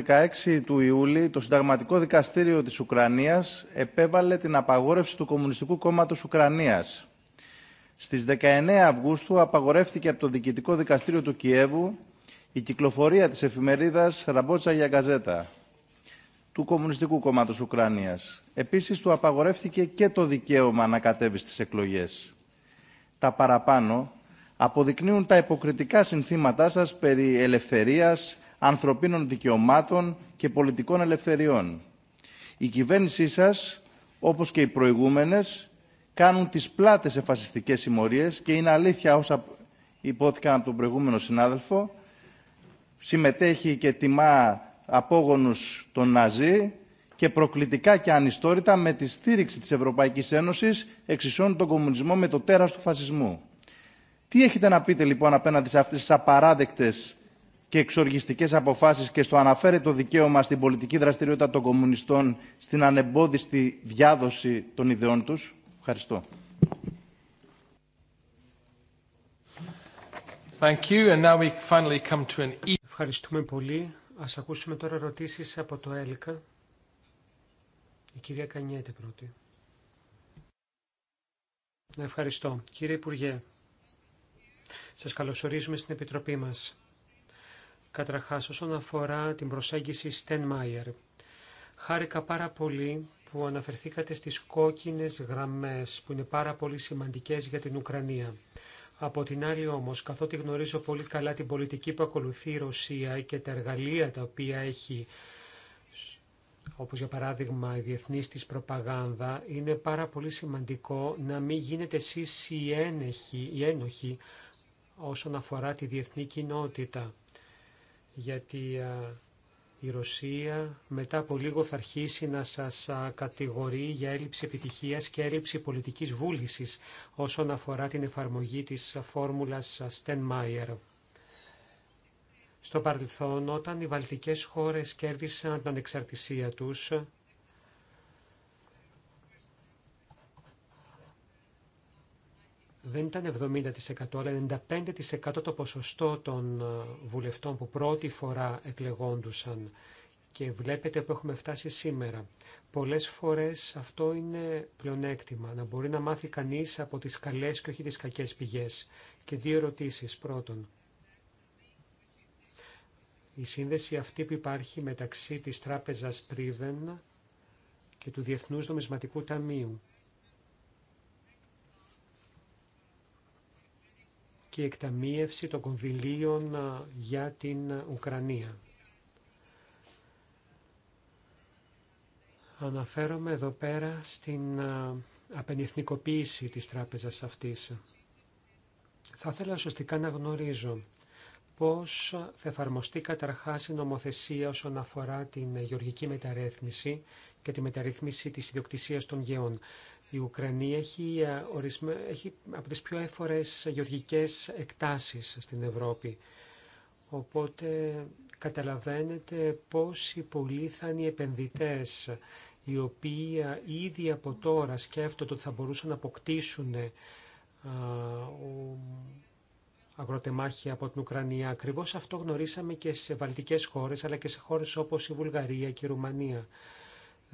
16 του Ιούλη το Συνταγματικό Δικαστήριο της Ουκρανίας επέβαλε την απαγόρευση του Κομμουνιστικού Κόμματος Ουκρανίας. Στις 19 Αυγούστου απαγορεύτηκε από το Διοικητικό Δικαστήριο του Κιέβου η κυκλοφορία της εφημερίδας «Ραμπότσα για Γκαζέτα» του Κομμουνιστικού Κόμματος Ουκρανίας. Επίσης, του απαγορεύτηκε και το δικαίωμα να κατέβει στις εκλογές. Τα παραπάνω αποδεικνύουν τα υποκριτικά συνθήματά σας περί ελευθερίας, ανθρωπίνων δικαιωμάτων και πολιτικών ελευθεριών. Η κυβέρνησή σας, όπως και οι προηγούμενες, κάνουν τις πλάτες εφασιστικές συμμορίες και είναι αλήθεια όσα υπόθηκαν από τον προηγούμενο συνάδελφο, συμμετέχει και τιμά απόγονους των Ναζί και προκλητικά και ανιστόρητα με τη στήριξη της Ευρωπαϊκής Ένωσης εξισώνει τον κομμουνισμό με το τέρας του φασισμού. Τι έχετε να πείτε λοιπόν απέναντι σε αυτές τις απαράδεκτες και εξοργιστικέ αποφάσει και στο αναφέρετο δικαίωμα στην πολιτική δραστηριότητα των κομμουνιστών στην ανεμπόδιστη διάδοση των ιδεών του. Ευχαριστώ. Thank you. And now we finally come to an... E- Ευχαριστούμε πολύ. Α ακούσουμε τώρα ρωτήσεις από το ΕΛΚΑ. Η κυρία Κανιέτη πρώτη. Ευχαριστώ. Κύριε Υπουργέ, σας καλωσορίζουμε στην Επιτροπή μας. Καταρχάς, όσον αφορά την προσέγγιση Μάιερ, χάρηκα πάρα πολύ που αναφερθήκατε στις κόκκινες γραμμές που είναι πάρα πολύ σημαντικές για την Ουκρανία. Από την άλλη όμως, καθότι γνωρίζω πολύ καλά την πολιτική που ακολουθεί η Ρωσία και τα εργαλεία τα οποία έχει, όπως για παράδειγμα η διεθνής της προπαγάνδα, είναι πάρα πολύ σημαντικό να μην γίνετε εσείς οι ένοχοι όσον αφορά τη διεθνή κοινότητα γιατί η Ρωσία μετά από λίγο θα αρχίσει να σας κατηγορεί για έλλειψη επιτυχίας και έλλειψη πολιτικής βούλησης όσον αφορά την εφαρμογή της φόρμουλας Μάιερ. Στο παρελθόν, όταν οι βαλτικές χώρες κέρδισαν την ανεξαρτησία τους, δεν ήταν 70% αλλά 95% το ποσοστό των ε, βουλευτών που πρώτη φορά εκλεγόντουσαν και βλέπετε που έχουμε φτάσει σήμερα. Πολλές φορές αυτό είναι πλεονέκτημα, να μπορεί να μάθει κανείς από τις καλές και όχι τις κακές πηγές. Και δύο ερωτήσεις. Πρώτον, η σύνδεση αυτή που υπάρχει μεταξύ της Τράπεζας Πρίβεν και του Διεθνούς Νομισματικού Ταμείου. και η εκταμείευση των κονδυλίων για την Ουκρανία. Αναφέρομαι εδώ πέρα στην απενεθνικοποίηση της τράπεζας αυτής. Θα ήθελα σωστικά να γνωρίζω πώς θα εφαρμοστεί καταρχάς η νομοθεσία όσον αφορά την γεωργική μεταρρύθμιση και τη μεταρρύθμιση της ιδιοκτησίας των γεών. Η Ουκρανία έχει, ε, έχει από τις πιο έφορες γεωργικές εκτάσεις στην Ευρώπη. Οπότε καταλαβαίνετε πόσοι πολλοί θα είναι οι επενδυτές οι οποίοι ε, ήδη από τώρα σκέφτονται ότι θα μπορούσαν να αποκτήσουν ε, αγροτεμάχια από την Ουκρανία. Ακριβώς αυτό γνωρίσαμε και σε βαλτικές χώρες, αλλά και σε χώρες όπως η Βουλγαρία και η Ρουμανία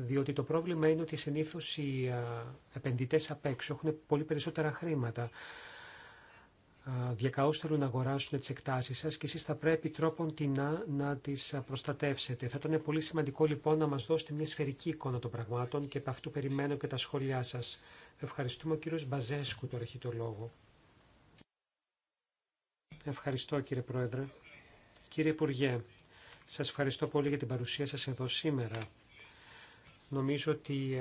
διότι το πρόβλημα είναι ότι συνήθως οι επενδυτές απ' έξω έχουν πολύ περισσότερα χρήματα. Διακαώς θέλουν να αγοράσουν τις εκτάσεις σας και εσείς θα πρέπει τρόπον την να τις προστατεύσετε. Θα ήταν πολύ σημαντικό λοιπόν να μας δώσετε μια σφαιρική εικόνα των πραγμάτων και από αυτού περιμένω και τα σχόλιά σας. Ευχαριστούμε ο κύριος Μπαζέσκου τώρα έχει το λόγο. Ευχαριστώ κύριε Πρόεδρε. Κύριε Υπουργέ, σας ευχαριστώ πολύ για την παρουσία σας εδώ σήμερα. Νομίζω ότι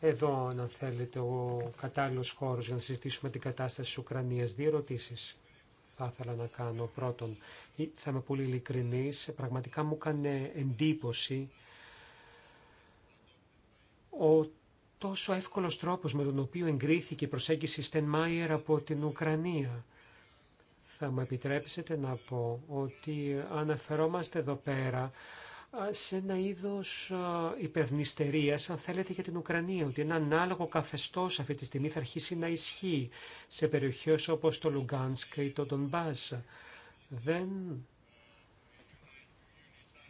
εδώ, αν θέλετε, ο κατάλληλο χώρος για να συζητήσουμε την κατάσταση της Ουκρανίας. Δύο ερωτήσει θα ήθελα να κάνω. Πρώτον, θα είμαι πολύ ειλικρινής, πραγματικά μου έκανε εντύπωση ο τόσο εύκολος τρόπος με τον οποίο εγκρίθηκε η προσέγγιση Μάιερ από την Ουκρανία. Θα μου επιτρέψετε να πω ότι αναφερόμαστε εδώ πέρα σε ένα είδος υπευνηστερίας, αν θέλετε, για την Ουκρανία, ότι ένα ανάλογο καθεστώς αυτή τη στιγμή θα αρχίσει να ισχύει σε περιοχές όπως το Λουγκάνσκ ή το Ντον Δεν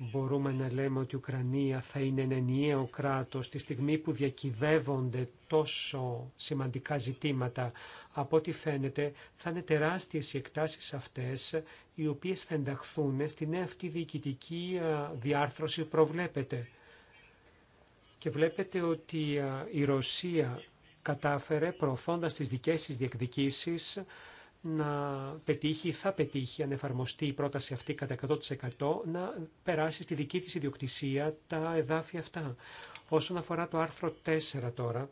Μπορούμε να λέμε ότι η Ουκρανία θα είναι ένα ενιαίο κράτος τη στιγμή που διακυβεύονται τόσο σημαντικά ζητήματα. Από ό,τι φαίνεται θα είναι τεράστιες οι εκτάσεις αυτές οι οποίες θα ενταχθούν στην νέα αυτή διοικητική διάρθρωση που προβλέπεται. Και βλέπετε ότι η Ρωσία κατάφερε προωθώντας τις δικές της διεκδικήσεις να πετύχει, θα πετύχει αν εφαρμοστεί η πρόταση αυτή κατά 100% να περάσει στη δική της ιδιοκτησία τα εδάφια αυτά. Όσον αφορά το άρθρο 4 τώρα,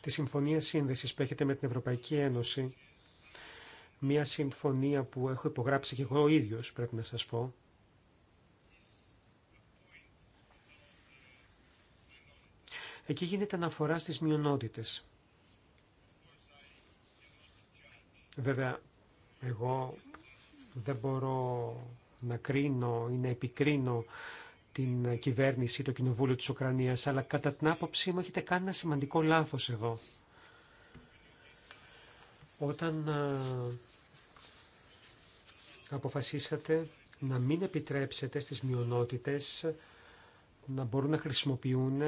τη Συμφωνία Σύνδεσης που έχετε με την Ευρωπαϊκή Ένωση, μια συμφωνία που έχω υπογράψει και εγώ ο ίδιος πρέπει να σας πω, Εκεί γίνεται αναφορά στις μειονότητες. Βέβαια, εγώ δεν μπορώ να κρίνω ή να επικρίνω την κυβέρνηση, το κοινοβούλιο της Ουκρανίας, αλλά κατά την άποψή μου έχετε κάνει ένα σημαντικό λάθος εδώ. Όταν αποφασίσατε να μην επιτρέψετε στις μειονότητες να μπορούν να χρησιμοποιούν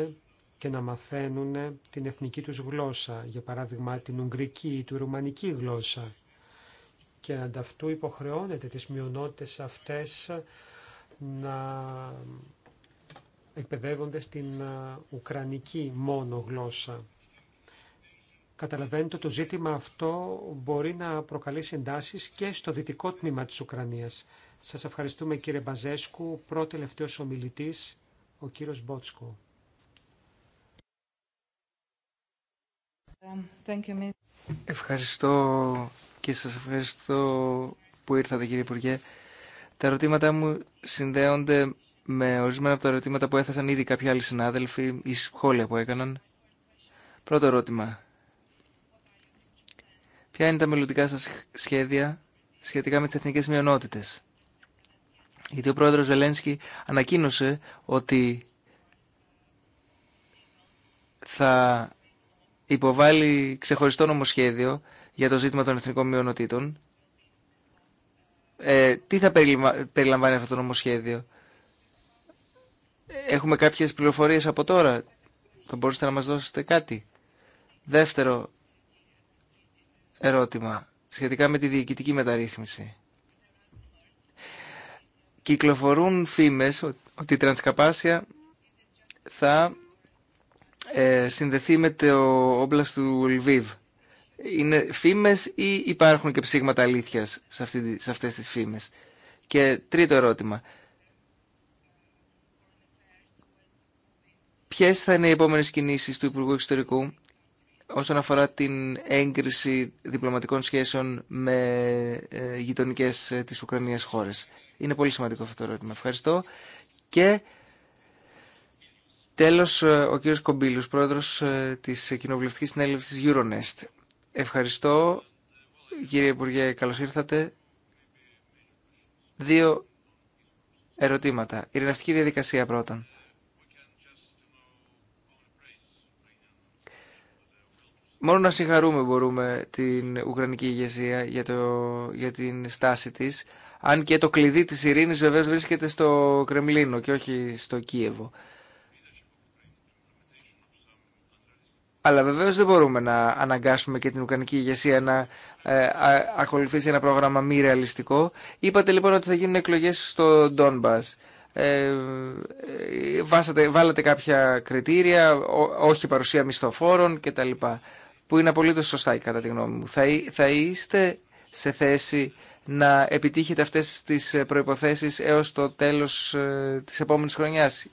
και να μαθαίνουν την εθνική τους γλώσσα, για παράδειγμα την ουγγρική ή την ρουμανική γλώσσα. Και ανταυτού υποχρεώνεται τις μειονότητες αυτές να εκπαιδεύονται στην ε, ουκρανική μόνο γλώσσα. Καταλαβαίνετε το ζήτημα αυτό μπορεί να προκαλεί συντάσεις και στο δυτικό τμήμα της Ουκρανίας. Σας ευχαριστούμε κύριε Μπαζέσκου, πρώτη τελευταίος ομιλητής, ο κύριος Μπότσκο. Um, ευχαριστώ και σας ευχαριστώ που ήρθατε κύριε Υπουργέ. Τα ερωτήματά μου συνδέονται με ορισμένα από τα ερωτήματα που έθεσαν ήδη κάποιοι άλλοι συνάδελφοι ή σχόλια που έκαναν. Πρώτο ερώτημα. Ποια είναι τα μελλοντικά σας σχέδια σχετικά με τις εθνικές μειονότητες. Γιατί ο πρόεδρος Ζελένσκι ανακοίνωσε ότι θα Υποβάλλει ξεχωριστό νομοσχέδιο για το ζήτημα των εθνικών μειονοτήτων. Ε, τι θα περιλαμβάνει αυτό το νομοσχέδιο. Έχουμε κάποιες πληροφορίες από τώρα. Θα μπορούσατε να μας δώσετε κάτι. Δεύτερο ερώτημα σχετικά με τη διοικητική μεταρρύθμιση. Κυκλοφορούν φήμες ότι η Τρανσκαπάσια θα ε, συνδεθεί με το όμπλας του Λιβύβ. Είναι φήμες ή υπάρχουν και ψήγματα αλήθειας σε, αυτή, σε αυτές τις φήμες. Και τρίτο ερώτημα. Ποιες θα είναι οι επόμενες κινήσεις του Υπουργού Εξωτερικού όσον αφορά την έγκριση διπλωματικών σχέσεων με ε, γειτονικές ε, της Ουκρανίας χώρες. Είναι πολύ σημαντικό αυτό το ερώτημα. Ευχαριστώ. Και Τέλος, ε, ο κύριος Κομπίλου, πρόεδρος ε, της κοινοβουλευτική Συνέλευσης Euronest. Ευχαριστώ, κύριε Υπουργέ, καλώς ήρθατε. Δύο ερωτήματα. Η ειρηνευτική διαδικασία πρώτον. Μόνο να συγχαρούμε μπορούμε την Ουκρανική ηγεσία για, το, για την στάση της, αν και το κλειδί της ειρήνης βεβαίως βρίσκεται στο Κρεμλίνο και όχι στο Κίεβο. Αλλά βεβαίω δεν μπορούμε να αναγκάσουμε και την Ουκρανική ηγεσία να ε, ακολουθήσει ένα πρόγραμμα μη ρεαλιστικό. Είπατε λοιπόν ότι θα γίνουν εκλογέ στο Ντόνμπα. Ε, ε, βάσατε, βάλατε κάποια κριτήρια, όχι παρουσία μισθοφόρων κτλ. Που είναι απολύτω σωστά κατά τη γνώμη μου. Θα, θα είστε σε θέση να επιτύχετε αυτές τις προϋποθέσεις έως το τέλος ε, της επόμενης χρονιάς.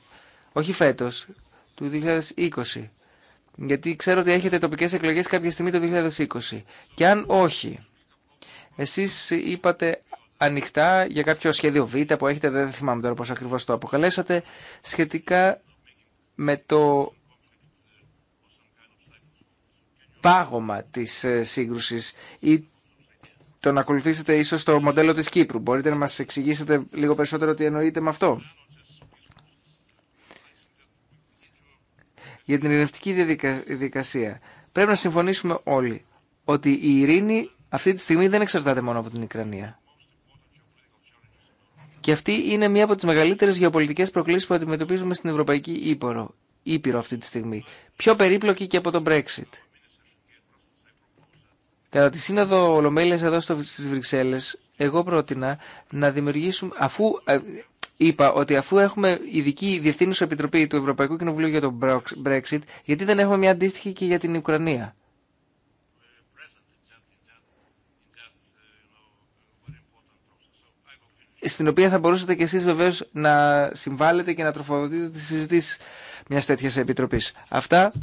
Όχι φέτος, του 2020. Γιατί ξέρω ότι έχετε τοπικές εκλογές κάποια στιγμή το 2020. Και αν όχι, εσείς είπατε ανοιχτά για κάποιο σχέδιο Β που έχετε, δεν θυμάμαι τώρα πώς ακριβώς το αποκαλέσατε, σχετικά με το πάγωμα της ε, σύγκρουσης ή το να ακολουθήσετε ίσως το μοντέλο της Κύπρου. Μπορείτε να μας εξηγήσετε λίγο περισσότερο τι εννοείτε με αυτό. για την ειρηνευτική διαδικασία. Πρέπει να συμφωνήσουμε όλοι ότι η ειρήνη αυτή τη στιγμή δεν εξαρτάται μόνο από την Ουκρανία. Και αυτή είναι μία από τις μεγαλύτερε γεωπολιτικέ προκλήσεις που αντιμετωπίζουμε στην Ευρωπαϊκή Ήπορο, Ήπειρο αυτή τη στιγμή. Πιο περίπλοκη και από τον Brexit. Κατά τη Σύνοδο Ολομέλεια εδώ στι Βρυξέλλε, εγώ πρότεινα να δημιουργήσουμε, αφού ε, είπα ότι αφού έχουμε ειδική διευθύνουσα επιτροπή του Ευρωπαϊκού Κοινοβουλίου για το Brexit, γιατί δεν έχουμε μια αντίστοιχη και για την Ουκρανία. Στην οποία θα μπορούσατε και εσείς βεβαίως να συμβάλλετε και να τροφοδοτείτε τις συζητήσεις μιας τέτοιας επιτροπής. Αυτά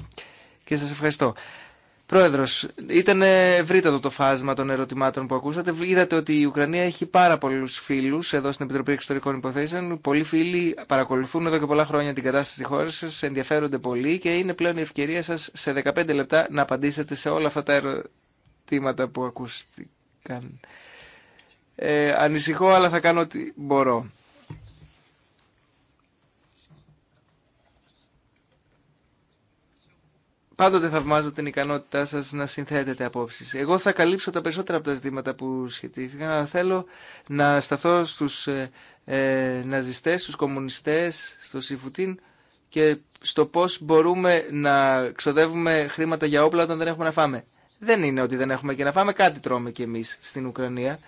και σας ευχαριστώ. Πρόεδρος, ήταν ευρύτατο το φάσμα των ερωτημάτων που ακούσατε. Είδατε ότι η Ουκρανία έχει πάρα πολλούς φίλους εδώ στην Επιτροπή Εξωτερικών Υποθέσεων. Πολλοί φίλοι παρακολουθούν εδώ και πολλά χρόνια την κατάσταση τη χώρα σα ενδιαφέρονται πολύ και είναι πλέον η ευκαιρία σας σε 15 λεπτά να απαντήσετε σε όλα αυτά τα ερωτήματα που ακούστηκαν. Ε, ανησυχώ, αλλά θα κάνω ό,τι μπορώ. Πάντοτε θαυμάζω την ικανότητά σας να συνθέτετε απόψει. Εγώ θα καλύψω τα περισσότερα από τα ζητήματα που σχετίστηκαν, αλλά θέλω να σταθώ στους ε, ε, ναζιστές, στους κομμουνιστές, στο Σιφουτίν και στο πώς μπορούμε να ξοδεύουμε χρήματα για όπλα όταν δεν έχουμε να φάμε. Δεν είναι ότι δεν έχουμε και να φάμε, κάτι τρώμε κι εμεί στην Ουκρανία.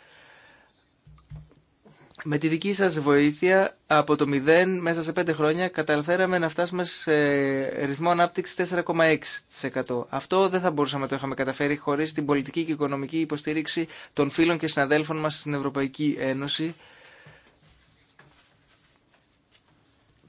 Με τη δική σας βοήθεια από το 0 μέσα σε 5 χρόνια καταφέραμε να φτάσουμε σε ρυθμό ανάπτυξη 4,6%. Αυτό δεν θα μπορούσαμε να το είχαμε καταφέρει χωρίς την πολιτική και οικονομική υποστήριξη των φίλων και συναδέλφων μας στην Ευρωπαϊκή Ένωση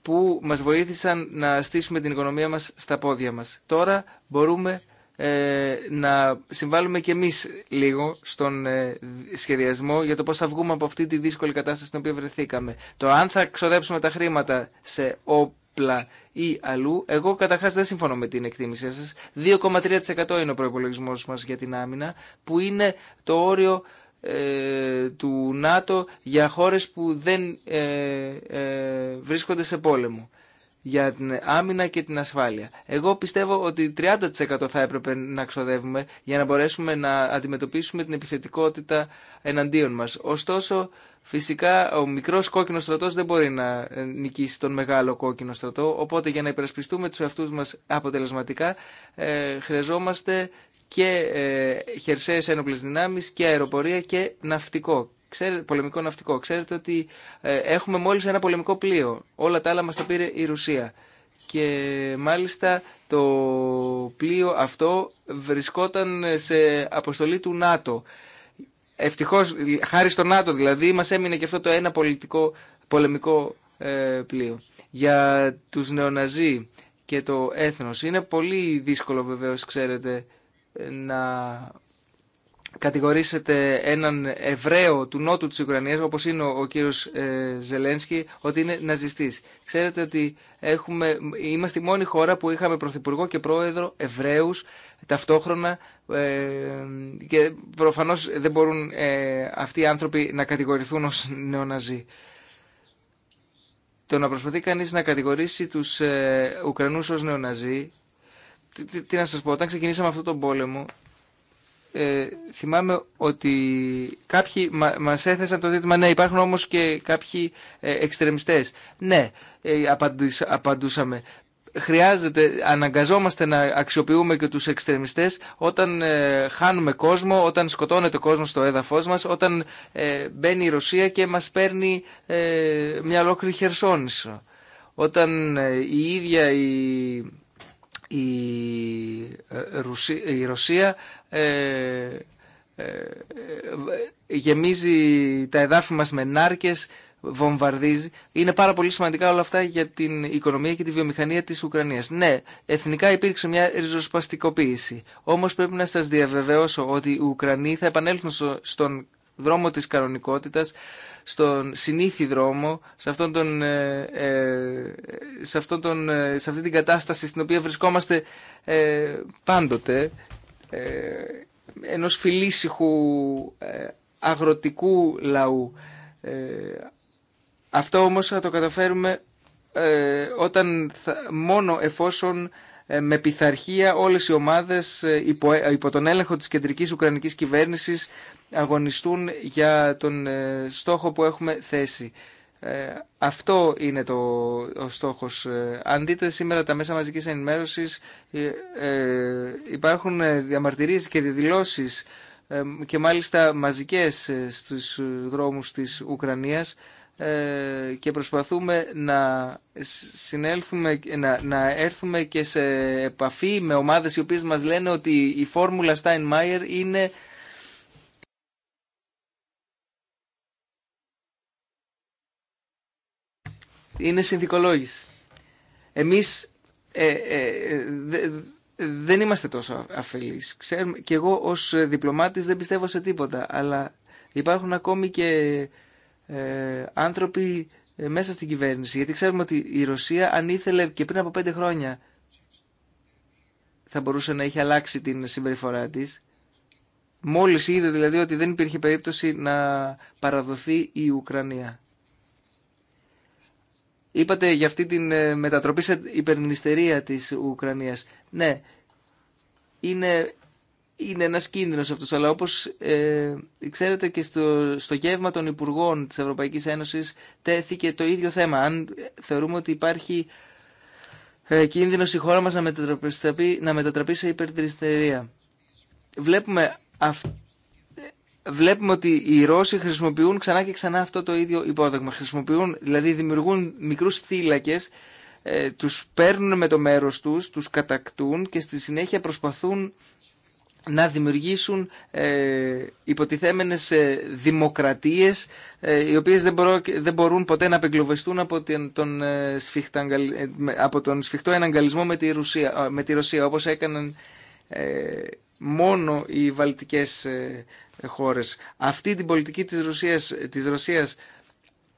που μας βοήθησαν να στήσουμε την οικονομία μας στα πόδια μας. Τώρα μπορούμε ε, να συμβάλλουμε και εμείς λίγο στον ε, σχεδιασμό για το πώς θα βγούμε από αυτή τη δύσκολη κατάσταση στην οποία βρεθήκαμε. Το αν θα ξοδέψουμε τα χρήματα σε όπλα ή αλλού, εγώ καταρχά δεν συμφωνώ με την εκτίμησή σας. 2,3% είναι ο προπολογισμό μας για την άμυνα, που είναι το όριο ε, του ΝΑΤΟ για χώρες που δεν ε, βρίσκονται σε πόλεμο για την άμυνα και την ασφάλεια. Εγώ πιστεύω ότι 30% θα έπρεπε να ξοδεύουμε για να μπορέσουμε να αντιμετωπίσουμε την επιθετικότητα εναντίον μας. Ωστόσο, φυσικά ο μικρός κόκκινο στρατός δεν μπορεί να ε, νικήσει τον μεγάλο κόκκινο στρατό, οπότε για να υπερασπιστούμε τους εαυτούς μας αποτελεσματικά ε, χρειαζόμαστε και ε, χερσαίες ένοπλες δυνάμεις και αεροπορία και ναυτικό πολεμικό ναυτικό. Ξέρετε ότι ε, έχουμε μόλις ένα πολεμικό πλοίο. Όλα τα άλλα μας τα πήρε η Ρουσία. Και μάλιστα το πλοίο αυτό βρισκόταν σε αποστολή του ΝΑΤΟ. Ευτυχώς, χάρη στο ΝΑΤΟ δηλαδή, μας έμεινε και αυτό το ένα πολιτικό πολεμικό ε, πλοίο. Για τους νεοναζί και το έθνος είναι πολύ δύσκολο βεβαίως, ξέρετε, να κατηγορήσετε έναν Εβραίο του Νότου της Ουκρανίας, όπως είναι ο, κύριος ε, Ζελένσκι, ότι είναι ναζιστής. Ξέρετε ότι έχουμε, είμαστε η μόνη χώρα που είχαμε πρωθυπουργό και πρόεδρο Εβραίους ταυτόχρονα ε, και προφανώς δεν μπορούν ε, αυτοί οι άνθρωποι να κατηγορηθούν ως νεοναζί. Το να προσπαθεί κανείς να κατηγορήσει τους Ουκρανούς ως νεοναζί, τι, τι, να σας πω, όταν ξεκινήσαμε αυτόν τον πόλεμο ε, θυμάμαι ότι κάποιοι μα, μας έθεσαν το ζήτημα ναι υπάρχουν όμως και κάποιοι ε, εξτρεμιστές. Ναι, ε, απαντούσαμε. Χρειάζεται, αναγκαζόμαστε να αξιοποιούμε και τους εξτρεμιστές όταν ε, χάνουμε κόσμο, όταν σκοτώνεται κόσμο στο έδαφος μας, όταν ε, μπαίνει η Ρωσία και μας παίρνει μια ολόκληρη χερσόνησο. Όταν η ίδια η η, Ρωσία ε, ε, ε, γεμίζει τα εδάφη μας με νάρκες, βομβαρδίζει. Είναι πάρα πολύ σημαντικά όλα αυτά για την οικονομία και τη βιομηχανία της Ουκρανίας. Ναι, εθνικά υπήρξε μια ριζοσπαστικοποίηση. Όμως πρέπει να σας διαβεβαιώσω ότι οι Ουκρανοί θα επανέλθουν στον δρόμο της κανονικότητας, στον συνήθι δρόμο, σε, αυτόν τον, σε, αυτόν τον, σε αυτή την κατάσταση στην οποία βρισκόμαστε ε, πάντοτε ε, ενός φιλήσυχου ε, αγροτικού λαού. Ε, αυτό όμως θα το καταφέρουμε όταν μόνο εφόσον με πειθαρχία όλες οι ομάδες υπό, υπό τον έλεγχο της κεντρικής Ουκρανικής κυβέρνησης αγωνιστούν για τον στόχο που έχουμε θέσει. Ε, αυτό είναι το, ο στόχος. Ε, αν δείτε σήμερα τα μέσα μαζικής ενημέρωσης ε, υπάρχουν διαμαρτυρίες και διδηλώσεις και μάλιστα μαζικές στους δρόμους της Ουκρανίας και προσπαθούμε να συνέλθουμε, να, να έρθουμε και σε επαφή με ομάδες οι οποίες μας λένε ότι η φόρμουλα Steinmeier είναι είναι συνθηκολόγηση. Εμείς ε, ε, δεν είμαστε τόσο αφελείς. Ξέρουμε, και εγώ ως διπλωμάτης δεν πιστεύω σε τίποτα, αλλά υπάρχουν ακόμη και ε, άνθρωποι ε, μέσα στην κυβέρνηση, γιατί ξέρουμε ότι η Ρωσία αν ήθελε και πριν από πέντε χρόνια θα μπορούσε να είχε αλλάξει την συμπεριφορά της. Μόλις είδε δηλαδή ότι δεν υπήρχε περίπτωση να παραδοθεί η Ουκρανία. Είπατε για αυτή την ε, μετατροπή σε υπερνηστερία της Ουκρανίας. Ναι, είναι, είναι ένας κίνδυνος αυτός, αλλά όπως ε, ξέρετε και στο, στο γεύμα των Υπουργών της Ευρωπαϊκής Ένωσης τέθηκε το ίδιο θέμα. Αν θεωρούμε ότι υπάρχει ε, κίνδυνος η χώρα μας να μετατραπεί, να σε υπερνηστερία. Βλέπουμε αυτό βλέπουμε ότι οι Ρώσοι χρησιμοποιούν ξανά και ξανά αυτό το ίδιο υπόδειγμα. Χρησιμοποιούν, δηλαδή δημιουργούν μικρούς θύλακες, ε, τους παίρνουν με το μέρος τους, τους κατακτούν και στη συνέχεια προσπαθούν να δημιουργήσουν ε, υποτιθέμενες ε, δημοκρατίες ε, οι οποίες δεν, δεν μπορούν ποτέ να απεγκλωβιστούν από, τον, ε, ε από τον σφιχτό εναγκαλισμό με τη, με τη Ρωσία όπως έκαναν μόνο οι βαλτικές αυτή την πολιτική της Ρωσίας, της Ρωσίας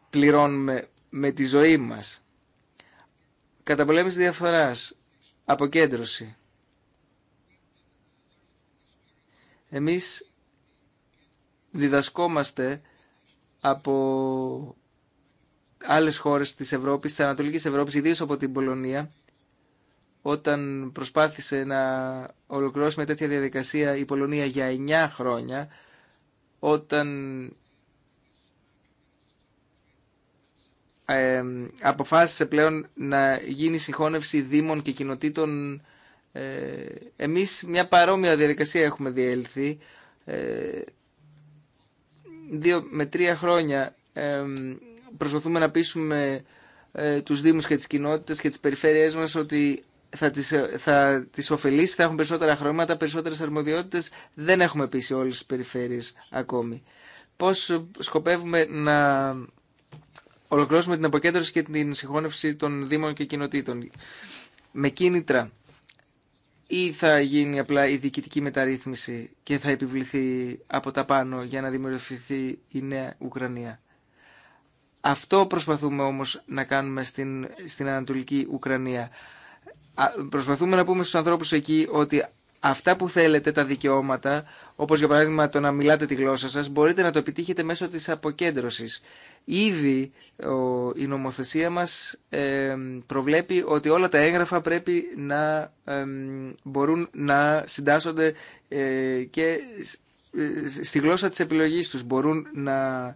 πληρώνουμε με τη ζωή μας. Καταπολέμηση διαφοράς, αποκέντρωση. Εμείς διδασκόμαστε από άλλες χώρες της Ευρώπης, της Ανατολικής Ευρώπης, ιδίως από την Πολωνία, όταν προσπάθησε να ολοκληρώσει με τέτοια διαδικασία η Πολωνία για 9 χρόνια, όταν ε, αποφάσισε πλέον να γίνει συγχώνευση δήμων και κοινοτήτων ε, εμείς μια παρόμοια διαδικασία έχουμε διέλθει ε, δύο με τρία χρόνια ε, προσπαθούμε να πείσουμε ε, τους Δήμους και τις κοινότητες και τις περιφέρειές μας ότι θα τις, ε, θα τις ωφελήσει, θα έχουν περισσότερα χρώματα, περισσότερες αρμοδιότητες. Δεν έχουμε επίση όλες τις περιφέρειες ακόμη. Πώς σκοπεύουμε να ολοκληρώσουμε την αποκέντρωση και την συγχώνευση των δήμων και κοινοτήτων. Με κίνητρα ή θα γίνει απλά η διοικητική μεταρρύθμιση και θα επιβληθεί από τα πάνω για να δημιουργηθεί η νέα Ουκρανία. Αυτό προσπαθούμε όμως να κάνουμε στην, στην Ανατολική Ουκρανία προσπαθούμε να πούμε στους ανθρώπους εκεί ότι αυτά που θέλετε, τα δικαιώματα, όπως για παράδειγμα το να μιλάτε τη γλώσσα σας, μπορείτε να το επιτύχετε μέσω της αποκέντρωσης. Ήδη η νομοθεσία μας ε, προβλέπει ότι όλα τα έγγραφα πρέπει να μπορούν να συντάσσονται ε, και ε, στη γλώσσα της επιλογής τους. Μπορούν να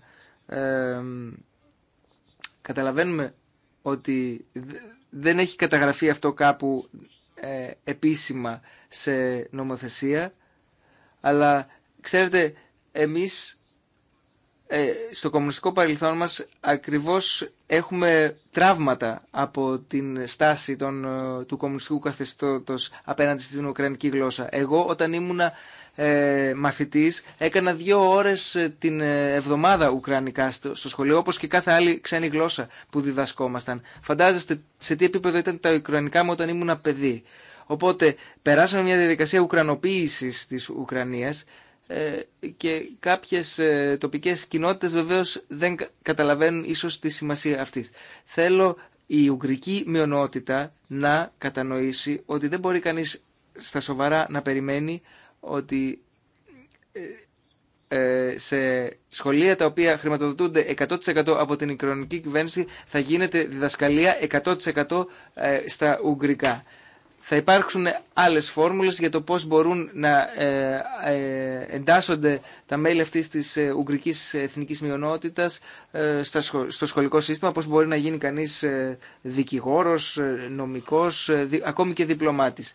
καταλαβαίνουμε ότι δεν έχει καταγραφεί αυτό κάπου ε, επίσημα σε νομοθεσία, αλλά ξέρετε, εμείς ε, στο κομμουνιστικό παρελθόν μας ακριβώς έχουμε τραύματα από την στάση των, ε, του κομμουνιστικού καθεστώτος απέναντι στην ουκρανική γλώσσα. Εγώ όταν ήμουνα ε, μαθητής έκανα δύο ώρες ε, την ε, εβδομάδα ουκρανικά στο σχολείο όπως και κάθε άλλη ξένη γλώσσα που διδασκόμασταν. Φαντάζεστε σε τι επίπεδο ήταν τα ουκρανικά μου όταν ήμουν παιδί. Οπότε περάσαμε μια διαδικασία ουκρανοποίησης της Ουκρανίας και κάποιες τοπικές κοινότητες βεβαίως δεν καταλαβαίνουν ίσως τη σημασία αυτής. Θέλω η ουγγρική μειονότητα να κατανοήσει ότι δεν μπορεί κανείς στα σοβαρά να περιμένει ότι ε, ε, σε σχολεία τα οποία χρηματοδοτούνται 100% από την οικονομική κυβέρνηση θα γίνεται διδασκαλία 100% ε, στα ουγγρικά. Θα υπάρξουν άλλες φόρμουλες για το πώς μπορούν να εντάσσονται τα μέλη αυτής της ουγγρικής εθνικής μειονότητας στο σχολικό σύστημα, πώς μπορεί να γίνει κανείς δικηγόρος, νομικός, ακόμη και διπλωμάτης.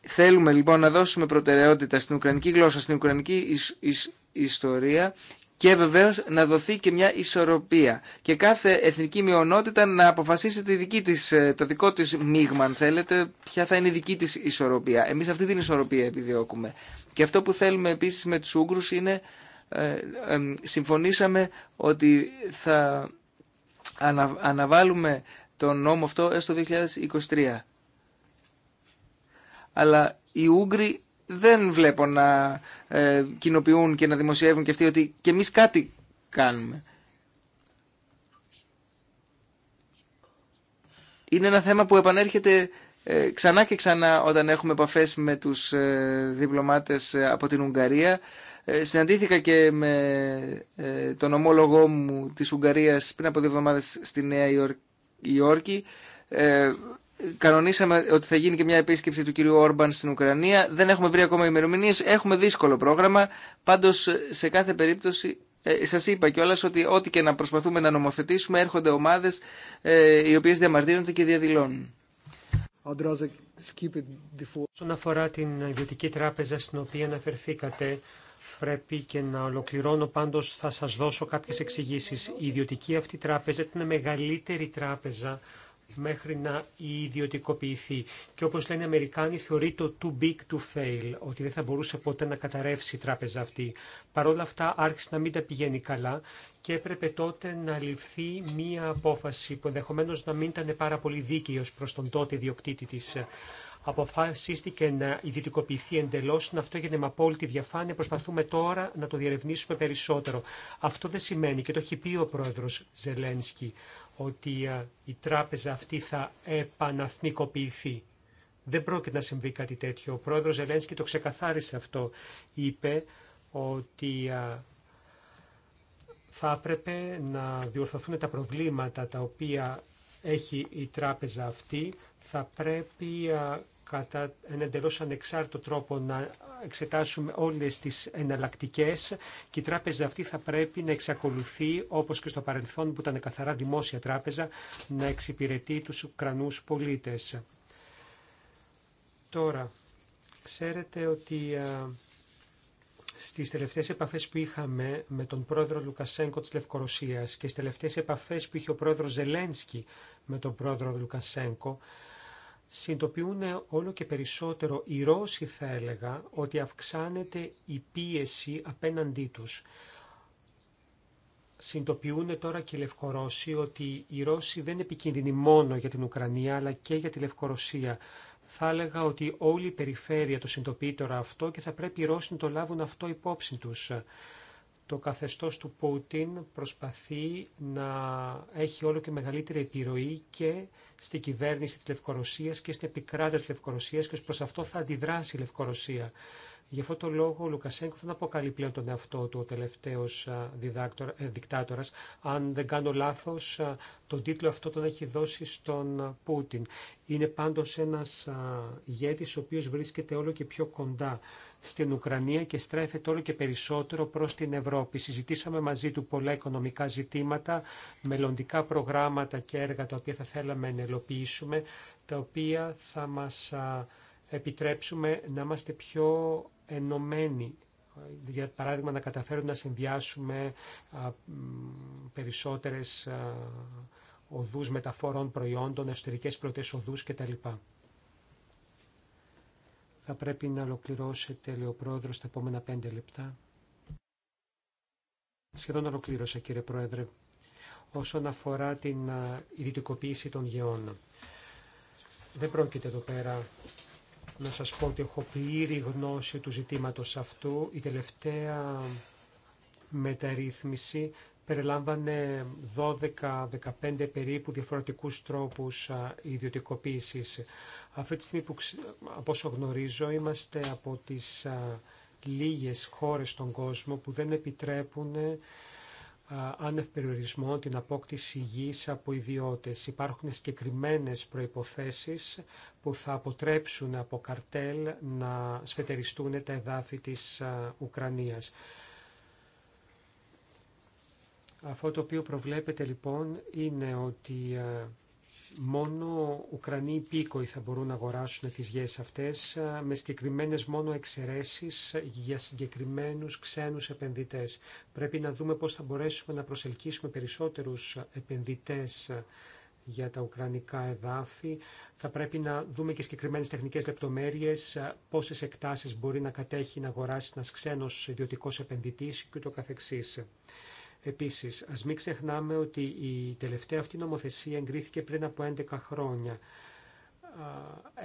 Θέλουμε λοιπόν να δώσουμε προτεραιότητα στην ουκρανική γλώσσα, στην ουκρανική ιστορία και βεβαίως να δοθεί και μια ισορροπία και κάθε εθνική μειονότητα να αποφασίσει τη δική της, ε, το δικό της μείγμα αν θέλετε, ποια θα είναι η δική της ισορροπία. Εμείς αυτή την ισορροπία επιδιώκουμε. Και αυτό που θέλουμε επίσης με τους Ούγκρους είναι, ε, συμφωνήσαμε ότι θα αναβάλουμε τον νόμο αυτό έως το 2023 αλλά οι Ούγγροι δεν βλέπω να ε, κοινοποιούν και να δημοσιεύουν και αυτοί ότι και εμείς κάτι κάνουμε. Είναι ένα θέμα που επανέρχεται ε, ξανά και ξανά όταν έχουμε επαφές με τους ε, διπλωμάτες ε, από την Ουγγαρία. Συναντήθηκα και με τον ομόλογό μου της Ουγγαρίας πριν από δύο εβδομάδες στη Νέα Υόρκη. Κανονίσαμε ότι θα γίνει και μια επίσκεψη του κυρίου Όρμπαν στην Ουκρανία. Δεν έχουμε βρει ακόμα ημερομηνίε. Έχουμε δύσκολο πρόγραμμα. Πάντω, σε κάθε περίπτωση, ε, σα είπα κιόλα ότι ό,τι και να προσπαθούμε να νομοθετήσουμε, έρχονται ομάδε ε, οι οποίε διαμαρτύρονται και διαδηλώνουν. Όσον αφορά την ιδιωτική τράπεζα στην οποία αναφερθήκατε, πρέπει και να ολοκληρώνω πάντως θα σας δώσω κάποιες εξηγήσει. Η ιδιωτική αυτή τράπεζα ήταν μεγαλύτερη τράπεζα μέχρι να ιδιωτικοποιηθεί. Και όπως λένε οι Αμερικάνοι θεωρεί το too big to fail, ότι δεν θα μπορούσε ποτέ να καταρρεύσει η τράπεζα αυτή. Παρ' όλα αυτά άρχισε να μην τα πηγαίνει καλά και έπρεπε τότε να ληφθεί μία απόφαση που ενδεχομένω να μην ήταν πάρα πολύ δίκαιο προς τον τότε ιδιοκτήτη της αποφασίστηκε να ιδιωτικοποιηθεί εντελώ. Αυτό έγινε με απόλυτη διαφάνεια. Προσπαθούμε τώρα να το διερευνήσουμε περισσότερο. Αυτό δεν σημαίνει, και το έχει πει ο πρόεδρο Ζελένσκι, ότι η τράπεζα αυτή θα επαναθνικοποιηθεί. Δεν πρόκειται να συμβεί κάτι τέτοιο. Ο πρόεδρος Ζελένσκι το ξεκαθάρισε αυτό. Είπε ότι θα έπρεπε να διορθωθούν τα προβλήματα τα οποία έχει η τράπεζα αυτή. Θα πρέπει κατά ένα εντελώς ανεξάρτητο τρόπο να εξετάσουμε όλες τις εναλλακτικέ και η τράπεζα αυτή θα πρέπει να εξακολουθεί, όπως και στο παρελθόν που ήταν καθαρά δημόσια τράπεζα, να εξυπηρετεί τους Ουκρανούς πολίτες. Τώρα, ξέρετε ότι στις τελευταίες επαφές που είχαμε με τον πρόεδρο Λουκασέγκο της Λευκορωσίας και στις τελευταίες επαφές που είχε ο πρόεδρος Ζελένσκι με τον πρόεδρο Λουκασέγκο, συντοποιούν όλο και περισσότερο οι Ρώσοι θα έλεγα ότι αυξάνεται η πίεση απέναντί τους. Συντοποιούν τώρα και οι Λευκορώσοι ότι οι Ρώσοι δεν επικίνδυνοι μόνο για την Ουκρανία αλλά και για τη Λευκορωσία. Θα έλεγα ότι όλη η περιφέρεια το συντοποιεί τώρα αυτό και θα πρέπει οι Ρώσοι να το λάβουν αυτό υπόψη τους το καθεστώς του Πούτιν προσπαθεί να έχει όλο και μεγαλύτερη επιρροή και στη κυβέρνηση της Λευκορωσίας και στην επικράτηση της Λευκορωσίας και ως προς αυτό θα αντιδράσει η Λευκορωσία. Γι' αυτό το λόγο ο Λουκασέγκο δεν αποκαλεί πλέον τον εαυτό του ο τελευταίο ε, δικτάτορα. Αν δεν κάνω λάθο, τον τίτλο αυτό τον έχει δώσει στον Πούτιν. Είναι πάντω ένα ηγέτη ο οποίο βρίσκεται όλο και πιο κοντά στην Ουκρανία και στρέφεται όλο και περισσότερο προ την Ευρώπη. Συζητήσαμε μαζί του πολλά οικονομικά ζητήματα, μελλοντικά προγράμματα και έργα τα οποία θα θέλαμε να ελοποιήσουμε, τα οποία θα μα επιτρέψουμε να είμαστε πιο ενωμένοι για παράδειγμα να καταφέρουν να συνδυάσουμε περισσότερες οδούς μεταφορών προϊόντων, εσωτερικές πρωτες οδούς κτλ. Θα πρέπει να ολοκληρώσετε, λέει ο Πρόεδρος, τα επόμενα πέντε λεπτά. Σχεδόν ολοκλήρωσα, κύριε Πρόεδρε, όσον αφορά την ιδιωτικοποίηση των γεών. Δεν πρόκειται εδώ πέρα να σας πω ότι έχω πλήρη γνώση του ζητήματος αυτού. Η τελευταία μεταρρύθμιση περιλάμβανε 12-15 περίπου διαφορετικούς τρόπους ιδιωτικοποίησης. Αυτή τη στιγμή που, από όσο γνωρίζω, είμαστε από τις λίγες χώρες στον κόσμο που δεν επιτρέπουν άνευ περιορισμών την απόκτηση γης από ιδιώτες. Υπάρχουν συγκεκριμένε προϋποθέσεις που θα αποτρέψουν από καρτέλ να σφετεριστούν τα εδάφη της Ουκρανίας. Αυτό το οποίο προβλέπεται λοιπόν είναι ότι μόνο Ουκρανοί υπήκοοι θα μπορούν να αγοράσουν τις γης αυτές με συγκεκριμένες μόνο εξαιρεσει για συγκεκριμένους ξένους επενδυτές. Πρέπει να δούμε πώς θα μπορέσουμε να προσελκύσουμε περισσότερους επενδυτές για τα ουκρανικά εδάφη. Θα πρέπει να δούμε και συγκεκριμένε τεχνικέ λεπτομέρειε, πόσε εκτάσει μπορεί να κατέχει να αγοράσει ένα ξένο ιδιωτικό επενδυτή κ.ο.κ. Επίσης, ας μην ξεχνάμε ότι η τελευταία αυτή νομοθεσία εγκρίθηκε πριν από 11 χρόνια.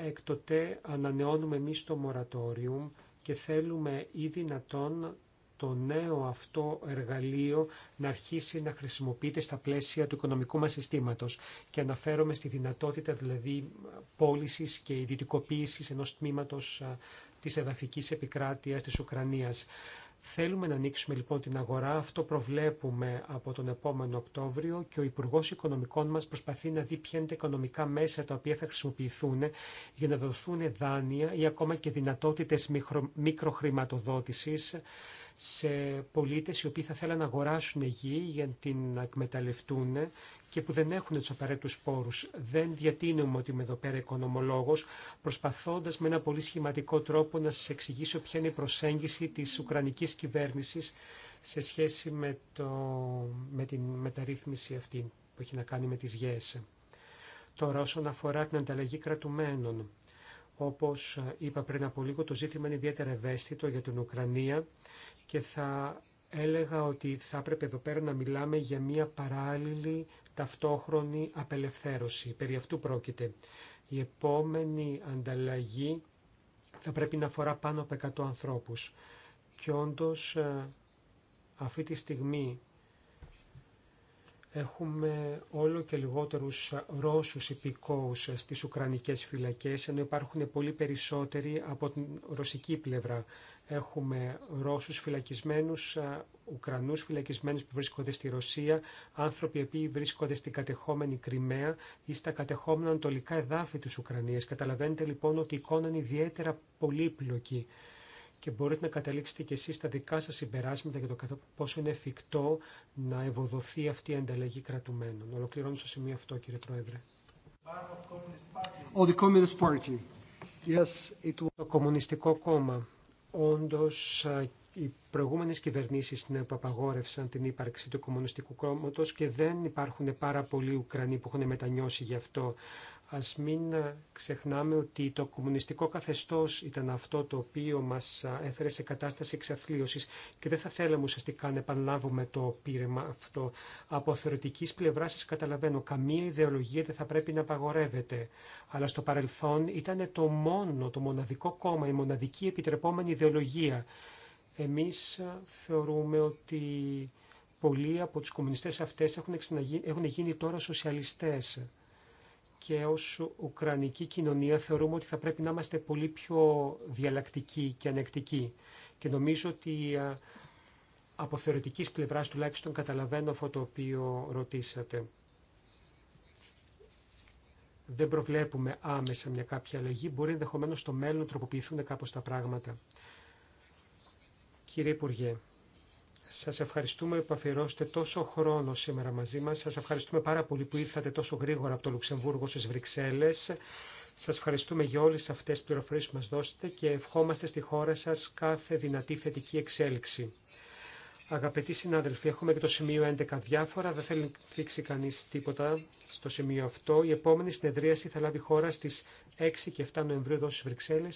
Εκτοτε ανανεώνουμε εμείς το μορατόριο και θέλουμε ή δυνατόν το νέο αυτό εργαλείο να αρχίσει να χρησιμοποιείται στα πλαίσια του οικονομικού μας συστήματος. Και αναφέρομαι στη δυνατότητα δηλαδή πώληση και ιδιωτικοποίηση ενός τμήματος της εδαφικής επικράτειας της Ουκρανίας. Θέλουμε να ανοίξουμε λοιπόν την αγορά, αυτό προβλέπουμε από τον επόμενο Οκτώβριο και ο Υπουργό Οικονομικών μα προσπαθεί να δει ποια είναι τα οικονομικά μέσα τα οποία θα χρησιμοποιηθούν για να δοθούν δάνεια ή ακόμα και δυνατότητε μικροχρηματοδότηση σε πολίτες οι οποίοι θα θέλουν να αγοράσουν γη για να την εκμεταλλευτούν και που δεν έχουν του απαραίτητου πόρου. Δεν διατείνουμε ότι είμαι εδώ πέρα οικονομολόγο, προσπαθώντα με ένα πολύ σχηματικό τρόπο να σα εξηγήσω ποια είναι η προσέγγιση τη Ουκρανική κυβέρνηση σε σχέση με, το, με την μεταρρύθμιση αυτή που έχει να κάνει με τις ΓΕΣΕ. Τώρα όσον αφορά την ανταλλαγή κρατουμένων, όπως είπα πριν από λίγο, το ζήτημα είναι ιδιαίτερα ευαίσθητο για την Ουκρανία και θα έλεγα ότι θα έπρεπε εδώ πέρα να μιλάμε για μια παράλληλη ταυτόχρονη απελευθέρωση. Περί αυτού πρόκειται. Η επόμενη ανταλλαγή θα πρέπει να αφορά πάνω από 100 ανθρώπους. Και όντως ε, αυτή τη στιγμή έχουμε όλο και λιγότερους Ρώσους υπηκόους στις Ουκρανικές φυλακές, ενώ υπάρχουν πολύ περισσότεροι από την ρωσική πλευρά. Έχουμε Ρώσους φυλακισμένους, Ουκρανούς φυλακισμένους που βρίσκονται στη Ρωσία, άνθρωποι οι οποίοι βρίσκονται στην κατεχόμενη Κρυμαία ή στα κατεχόμενα ανατολικά εδάφη της Ουκρανίας. Καταλαβαίνετε λοιπόν ότι η εικόνα είναι ιδιαίτερα πολύπλοκη και μπορείτε να καταλήξετε και εσείς τα δικά σας συμπεράσματα για το πόσο είναι εφικτό να ευοδοθεί αυτή η ανταλλαγή κρατουμένων. Ολοκληρώνω στο σημείο αυτό κύριε Πρόεδρε. Το Κομμουνιστικό Κόμμα. Όντως οι προηγούμενες κυβερνήσεις την απαγόρευσαν την ύπαρξη του κομμουνιστικού κόμματος και δεν υπάρχουν πάρα πολλοί Ουκρανοί που έχουν μετανιώσει γι' αυτό. Ας μην ε, ξεχνάμε ότι το κομμουνιστικό καθεστώς ήταν αυτό το οποίο μας ε, έφερε σε κατάσταση εξαθλίωσης και δεν θα θέλαμε ουσιαστικά να επαναλάβουμε το πείρεμα αυτό. Από θεωρητικής πλευράς σας καταλαβαίνω, καμία ιδεολογία δεν θα πρέπει να απαγορεύεται. Αλλά στο παρελθόν ήταν το μόνο, το μοναδικό κόμμα, η μοναδική επιτρεπόμενη ιδεολογία. Εμείς ε, θεωρούμε ότι πολλοί από τους κομμουνιστές αυτές έχουν, έχουν γίνει τώρα σοσιαλιστές και ως Ουκρανική κοινωνία θεωρούμε ότι θα πρέπει να είμαστε πολύ πιο διαλλακτικοί και ανεκτικοί. Και νομίζω ότι ε, από θεωρητικής πλευράς τουλάχιστον καταλαβαίνω αυτό το οποίο ρωτήσατε. Δεν προβλέπουμε άμεσα μια κάποια αλλαγή. Μπορεί ενδεχομένως στο μέλλον να τροποποιηθούν κάπως τα πράγματα. Κύριε Υπουργέ, σας ευχαριστούμε που αφιερώσετε τόσο χρόνο σήμερα μαζί μας. Σας ευχαριστούμε πάρα πολύ που ήρθατε τόσο γρήγορα από το Λουξεμβούργο στις Βρυξέλλες. Σας ευχαριστούμε για όλες αυτές τις πληροφορίες που μας δώσετε και ευχόμαστε στη χώρα σας κάθε δυνατή θετική εξέλιξη. Αγαπητοί συνάδελφοι, έχουμε και το σημείο 11 διάφορα. Δεν θέλει να θίξει κανεί τίποτα στο σημείο αυτό. Η επόμενη συνεδρίαση θα λάβει χώρα στι 6 και 7 Νοεμβρίου εδώ στι Βρυξέλλε.